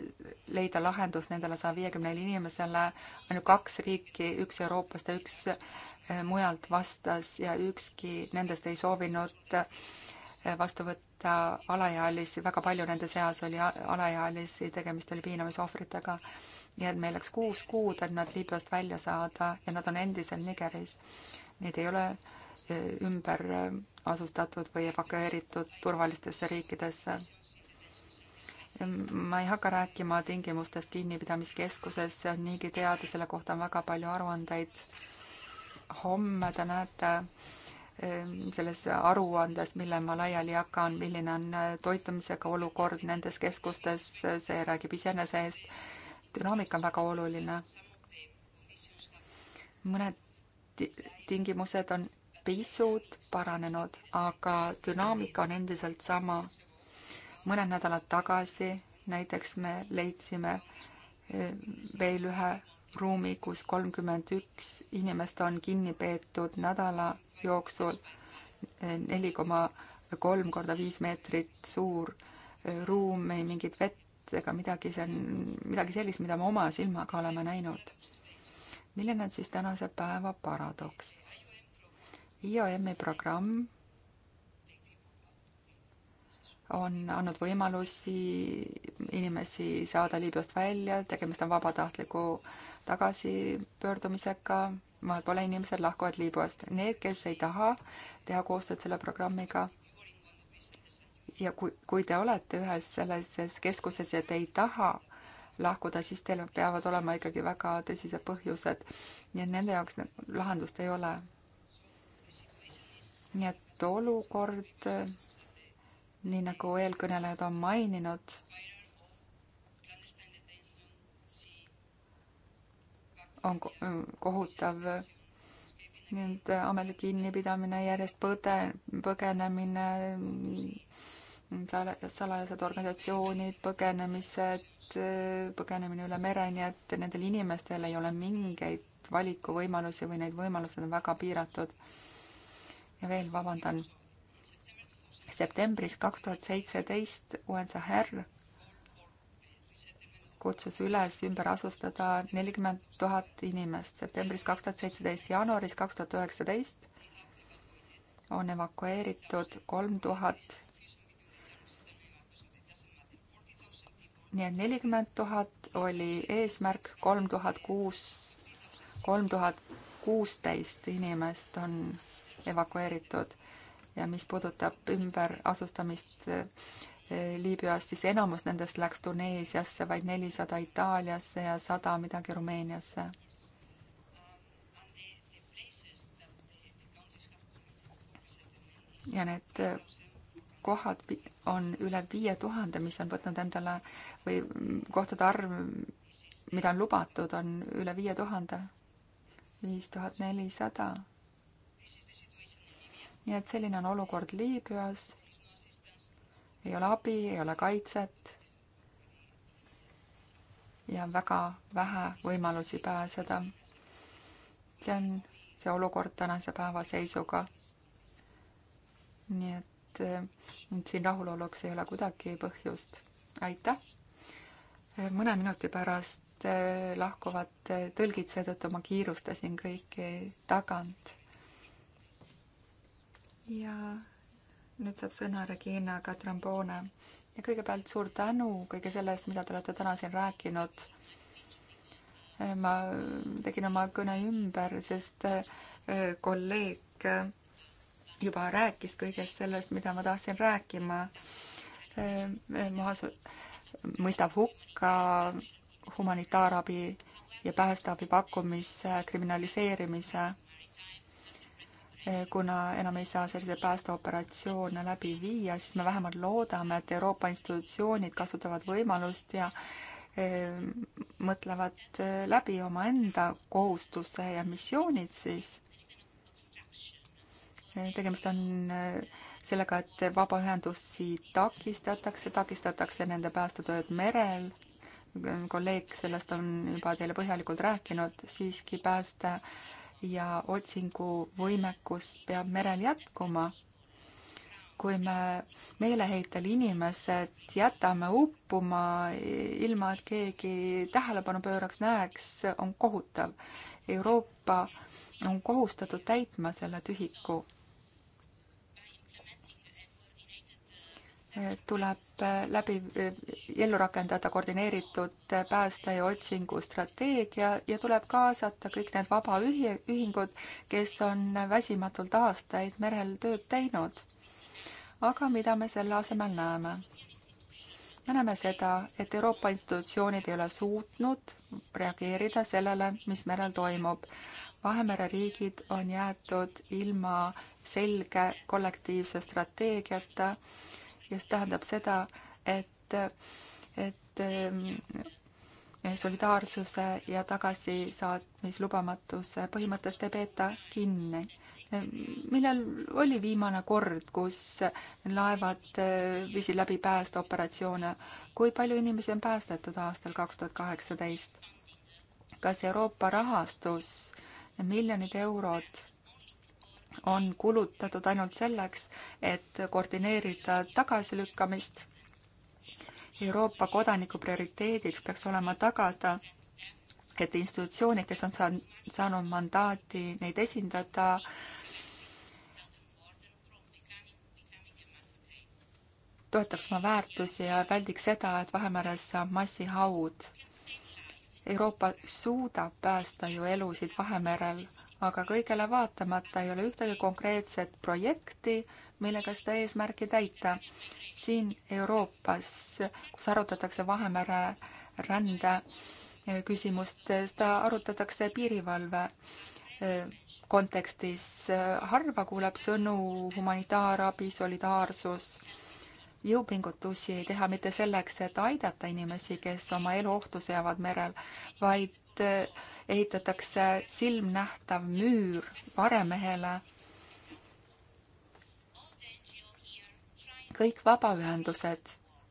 leida lahendus nendele saja viiekümnele inimesele. ainult kaks riiki, üks Euroopast ja üks äh, mujalt vastas ja ükski nendest ei soovinud äh, vastu võtta alaealisi, väga palju nende seas oli alaealisi, tegemist oli piinamisohvritega. nii et meil läks kuus kuud, et nad Liibüast välja saada ja nad on endiselt Nigeris. Neid ei ole ümber asustatud või evakueeritud turvalistesse riikidesse. ma ei hakka rääkima tingimustest kinnipidamiskeskuses, see on niigi teada, selle kohta on väga palju aruandeid. homme te näete Ähm, selles aruandes, mille ma laiali jagan, milline on äh, toitumisega olukord nendes keskustes, äh, see räägib iseenese eest. dünaamika on väga oluline. mõned tingimused on pisut paranenud, aga dünaamika on endiselt sama. mõned nädalad tagasi näiteks me leidsime äh, veel ühe ruumi, kus kolmkümmend üks inimest on kinni peetud nädala jooksul neli koma kolm korda viis meetrit suur ruum, ei mingit vett ega midagi, see on midagi sellist, mida me oma silmaga oleme näinud. milline on siis tänase päeva paradoks? IOM-i programm on andnud võimalusi inimesi saada Liibüast välja, tegemist on vabatahtliku tagasipöördumisega Maekole inimesed lahkuvad Liibüast. Need, kes ei taha teha koostööd selle programmiga ja kui, kui te olete ühes selles keskuses ja te ei taha lahkuda, siis teil peavad olema ikkagi väga tõsised põhjused. nii et nende jaoks lahendust ei ole. nii et olukord, nii nagu eelkõnelejad on maininud, on äh, kohutav. Nende äh, ametlik kinnipidamine, järjest põde, põgenemine, mm, salajased organisatsioonid, põgenemised, äh, põgenemine üle mere, nii et nendel inimestel ei ole mingeid valikuvõimalusi või need võimalused on väga piiratud. ja veel vabandan septembris kaks tuhat seitseteist UNHCR kutsus üles ümber asustada nelikümmend tuhat inimest. septembris kaks tuhat seitseteist, jaanuaris kaks tuhat üheksateist on evakueeritud kolm tuhat. nii et nelikümmend tuhat oli eesmärk, kolm tuhat kuus, kolm tuhat kuusteist inimest on evakueeritud ja mis puudutab ümberasustamist Eh, Liibüast, siis enamus nendest läks Tuneesiasse, vaid nelisada Itaaliasse ja sada midagi Rumeeniasse. ja need eh, kohad on üle viie tuhande, mis on võtnud endale või mm, kohtade arv, mida on lubatud, on üle viie tuhande, viis tuhat nelisada. nii et selline on olukord Liibüas ei ole abi, ei ole kaitset ja on väga vähe võimalusi pääseda. see on see olukord tänase päeva seisuga. nii et eh, nüüd siin rahuloluks ei ole kuidagi põhjust. aitäh! Eh, mõne minuti pärast eh, lahkuvad tõlgid, seetõttu ma kiirustasin kõiki tagant. ja nüüd saab sõna Regina Katrambone ja kõigepealt suur tänu kõige selle eest, mida te olete täna siin rääkinud. ma tegin oma kõne ümber, sest äh, kolleeg juba rääkis kõigest sellest, mida ma tahtsin rääkima. Äh, maha mõistab hukka humanitaarabi ja päästeabi pakkumise kriminaliseerimise Eh, kuna enam ei saa selliseid päästeoperatsioone läbi viia, siis me vähemalt loodame, et Euroopa institutsioonid kasutavad võimalust ja eh, mõtlevad eh, läbi omaenda kohustuse ja missioonid siis. tegemist on sellega, et vabaühendusi takistatakse, takistatakse nende päästetööd merel. kolleeg sellest on juba teile põhjalikult rääkinud, siiski pääste äh, ja otsinguvõimekus peab merel jätkuma. kui me meeleheitel inimesed jätame uppuma, ilma et keegi tähelepanu pööraks, näeks, on kohutav. Euroopa on kohustatud täitma selle tühiku tuleb äh, läbi, äh, ellu rakendada koordineeritud äh, pääste ja otsingu strateegia ja tuleb kaasata kõik need vabaühingud, kes on väsimatult aastaid merel tööd teinud. aga mida me selle asemel näeme? me näeme seda, et Euroopa institutsioonid ei ole suutnud reageerida sellele, mis merel toimub. Vahemere riigid on jäetud ilma selge kollektiivse strateegiata äh, ja see tähendab seda, et, et ähm, solidaarsuse ja tagasisaatmislubamatuse põhimõttest ei peeta kinni. millal oli viimane kord, kus laevad äh, viisid läbi päästeoperatsioone? kui palju inimesi on päästetud aastal kaks tuhat kaheksateist? kas Euroopa rahastus, miljonid eurod on kulutatud ainult selleks, et koordineerida tagasilükkamist. Euroopa kodaniku prioriteediks peaks olema tagada, et institutsioonid, kes on saanud mandaati neid esindada, toetaks oma väärtusi ja väldiks seda, et Vahemeres saab massihaud. Euroopa suudab päästa ju elusid Vahemerel aga kõigele vaatamata ei ole ühtegi konkreetset projekti, millega seda eesmärki täita. siin Euroopas, kus arutatakse Vahemere rände eh, küsimust, eh, seda arutatakse piirivalve eh, kontekstis. harva kuuleb sõnu humanitaarabi, solidaarsus. jõupingutusi ei teha mitte selleks, et aidata inimesi, kes oma elu ohtu seavad merel, vaid et ehitatakse silmnähtav müür varemehele. kõik vabaühendused,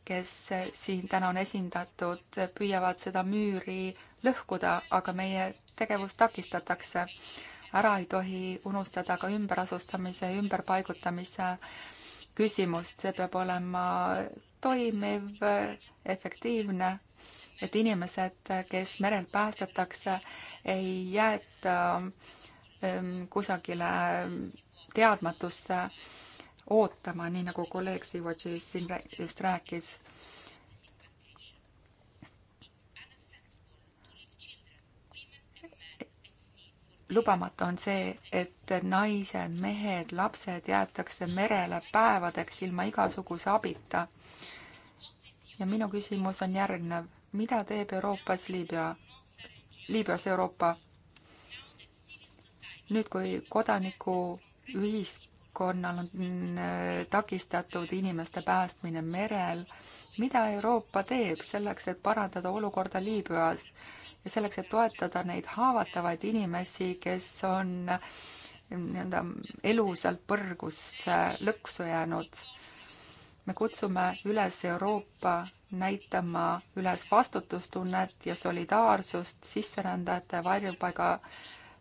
kes siin täna on esindatud, püüavad seda müüri lõhkuda, aga meie tegevust takistatakse. ära ei tohi unustada ka ümberasustamise ja ümberpaigutamise küsimust, see peab olema toimiv, efektiivne et inimesed, kes merel päästetakse, ei jäeta ähm, kusagile teadmatusse ootama, nii nagu kolleeg Sivatši siin just rääkis. lubamatu on see, et naised, mehed, lapsed jäetakse merele päevadeks ilma igasuguse abita. ja minu küsimus on järgnev mida teeb Euroopas Liibüa, Liibüas Euroopa nüüd, kui kodanikuühiskonnal on äh, takistatud inimeste päästmine merel, mida Euroopa teeb selleks, et parandada olukorda Liibüas ja selleks, et toetada neid haavatavaid inimesi, kes on äh, nii-öelda elu sealt põrgusse lõksu jäänud. me kutsume üles Euroopa näitama üles vastutustunnet ja solidaarsust sisserändajate varjupaiga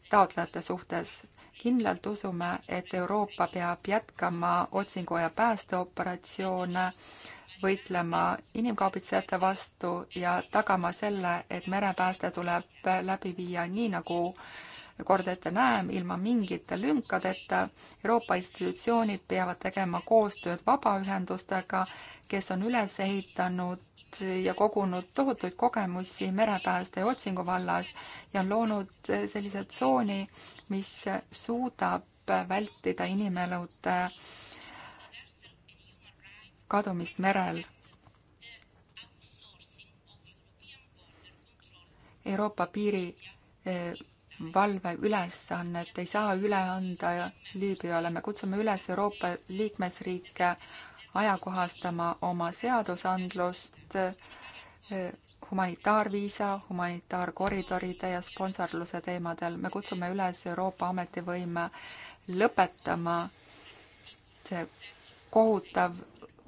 taotlejate suhtes. kindlalt usume, et Euroopa peab jätkama otsingu- ja päästeoperatsioone, võitlema inimkaubitsejate vastu ja tagama selle, et merepääste tuleb läbi viia nii, nagu kord ette näen, ilma mingite lünkadeta. Euroopa institutsioonid peavad tegema koostööd vabaühendustega, kes on üles ehitanud ja kogunud tohutuid kogemusi merepääste ja otsingu vallas ja on loonud sellise tsooni, mis suudab vältida inimelude kadumist merel Euroopa piiri eh, valveülesannet ei saa üle anda Liibüale. me kutsume üles Euroopa liikmesriike ajakohastama oma seadusandlust eh, humanitaarviisa, humanitaarkoridoride ja sponsorluse teemadel. me kutsume üles Euroopa ametivõime lõpetama see kohutav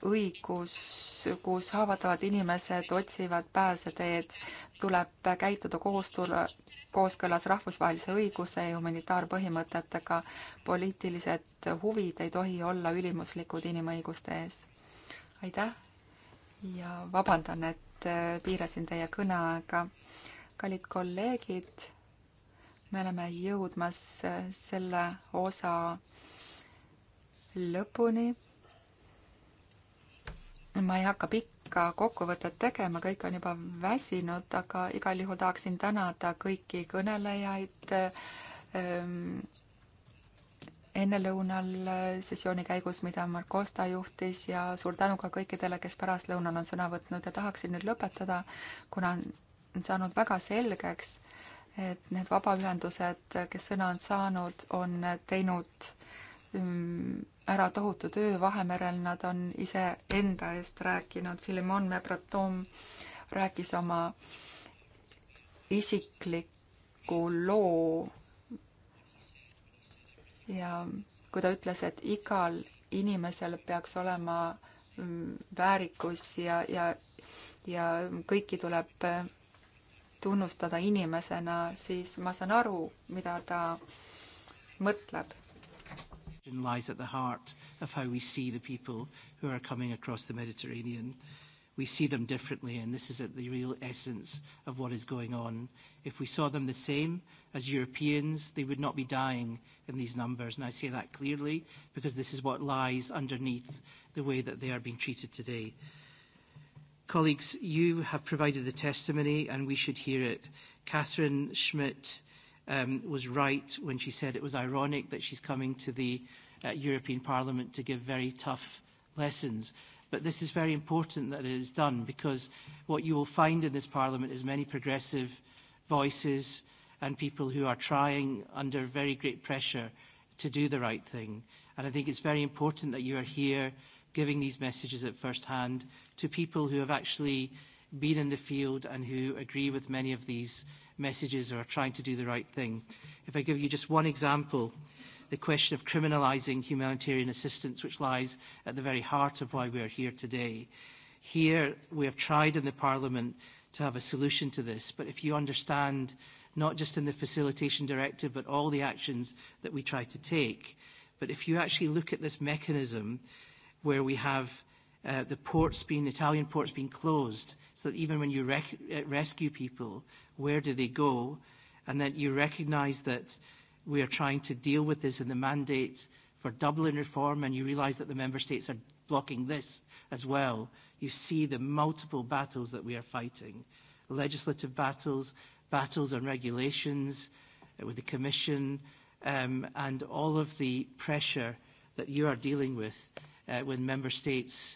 õigus, kus haavatavad inimesed otsivad pääseteed, tuleb käituda koostule, kooskõlas rahvusvahelise õiguse ja humanitaarpõhimõtetega. poliitilised huvid ei tohi olla ülimuslikud inimõiguste ees. aitäh ja vabandan, et äh, piirasin teie kõneaega. kallid kolleegid, me oleme jõudmas äh, selle osa lõpuni. ma ei hakka pikka pikka kokkuvõtet tegema, kõik on juba väsinud, aga igal juhul tahaksin tänada kõiki kõnelejaid ähm, ennelõunal eh, sessiooni käigus, mida Mark Costa juhtis ja suur tänu ka kõikidele, kes pärastlõunal on sõna võtnud ja tahaksin nüüd lõpetada, kuna on saanud väga selgeks, et need vabaühendused, kes sõna on saanud, on teinud ähm, ära tohutu töö Vahemerel, nad on iseenda eest rääkinud, Filimon Mebratom rääkis oma isikliku loo ja kui ta ütles, et igal inimesel peaks olema mm, väärikus ja, ja, ja kõiki tuleb tunnustada inimesena, siis ma saan aru, mida ta mõtleb lies at the heart of how we see the people who are coming across the Mediterranean. We see them differently, and this is at the real essence of what is going on. If we saw them the same as Europeans, they would not be dying in these numbers, and I say that clearly because this is what lies underneath the way that they are being treated today. Colleagues, you have provided the testimony, and we should hear it. Catherine Schmidt um, was right when she said it was ironic that she's coming to the uh, European Parliament to give very tough lessons. But this is very important that it is done because what you will find in this Parliament is many progressive voices and people who are trying under very great pressure to do the right thing. And I think it's very important that you are here giving these messages at first hand to people who have actually been in the field and who agree with many of these messages or trying to do the right thing. If I give you just one example, the question of criminalising humanitarian assistance, which lies at the very heart of why we are here today. Here, we have tried in the Parliament to have a solution to this, but if you understand, not just in the Facilitation Directive, but all the actions that we try to take, but if you actually look at this mechanism where we have uh, the ports being, Italian ports being closed, so that even when you rec- uh, rescue people, where do they go? And that you recognize that we are trying to deal with this in the mandate for Dublin reform, and you realize that the member states are blocking this as well. You see the multiple battles that we are fighting legislative battles, battles on regulations uh, with the Commission, um, and all of the pressure that you are dealing with uh, when member states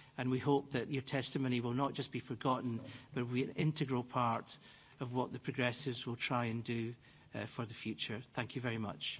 and we hope that your testimony will not just be forgotten, but will be an integral part of what the Progressives will try and do uh, for the future. Thank you very much.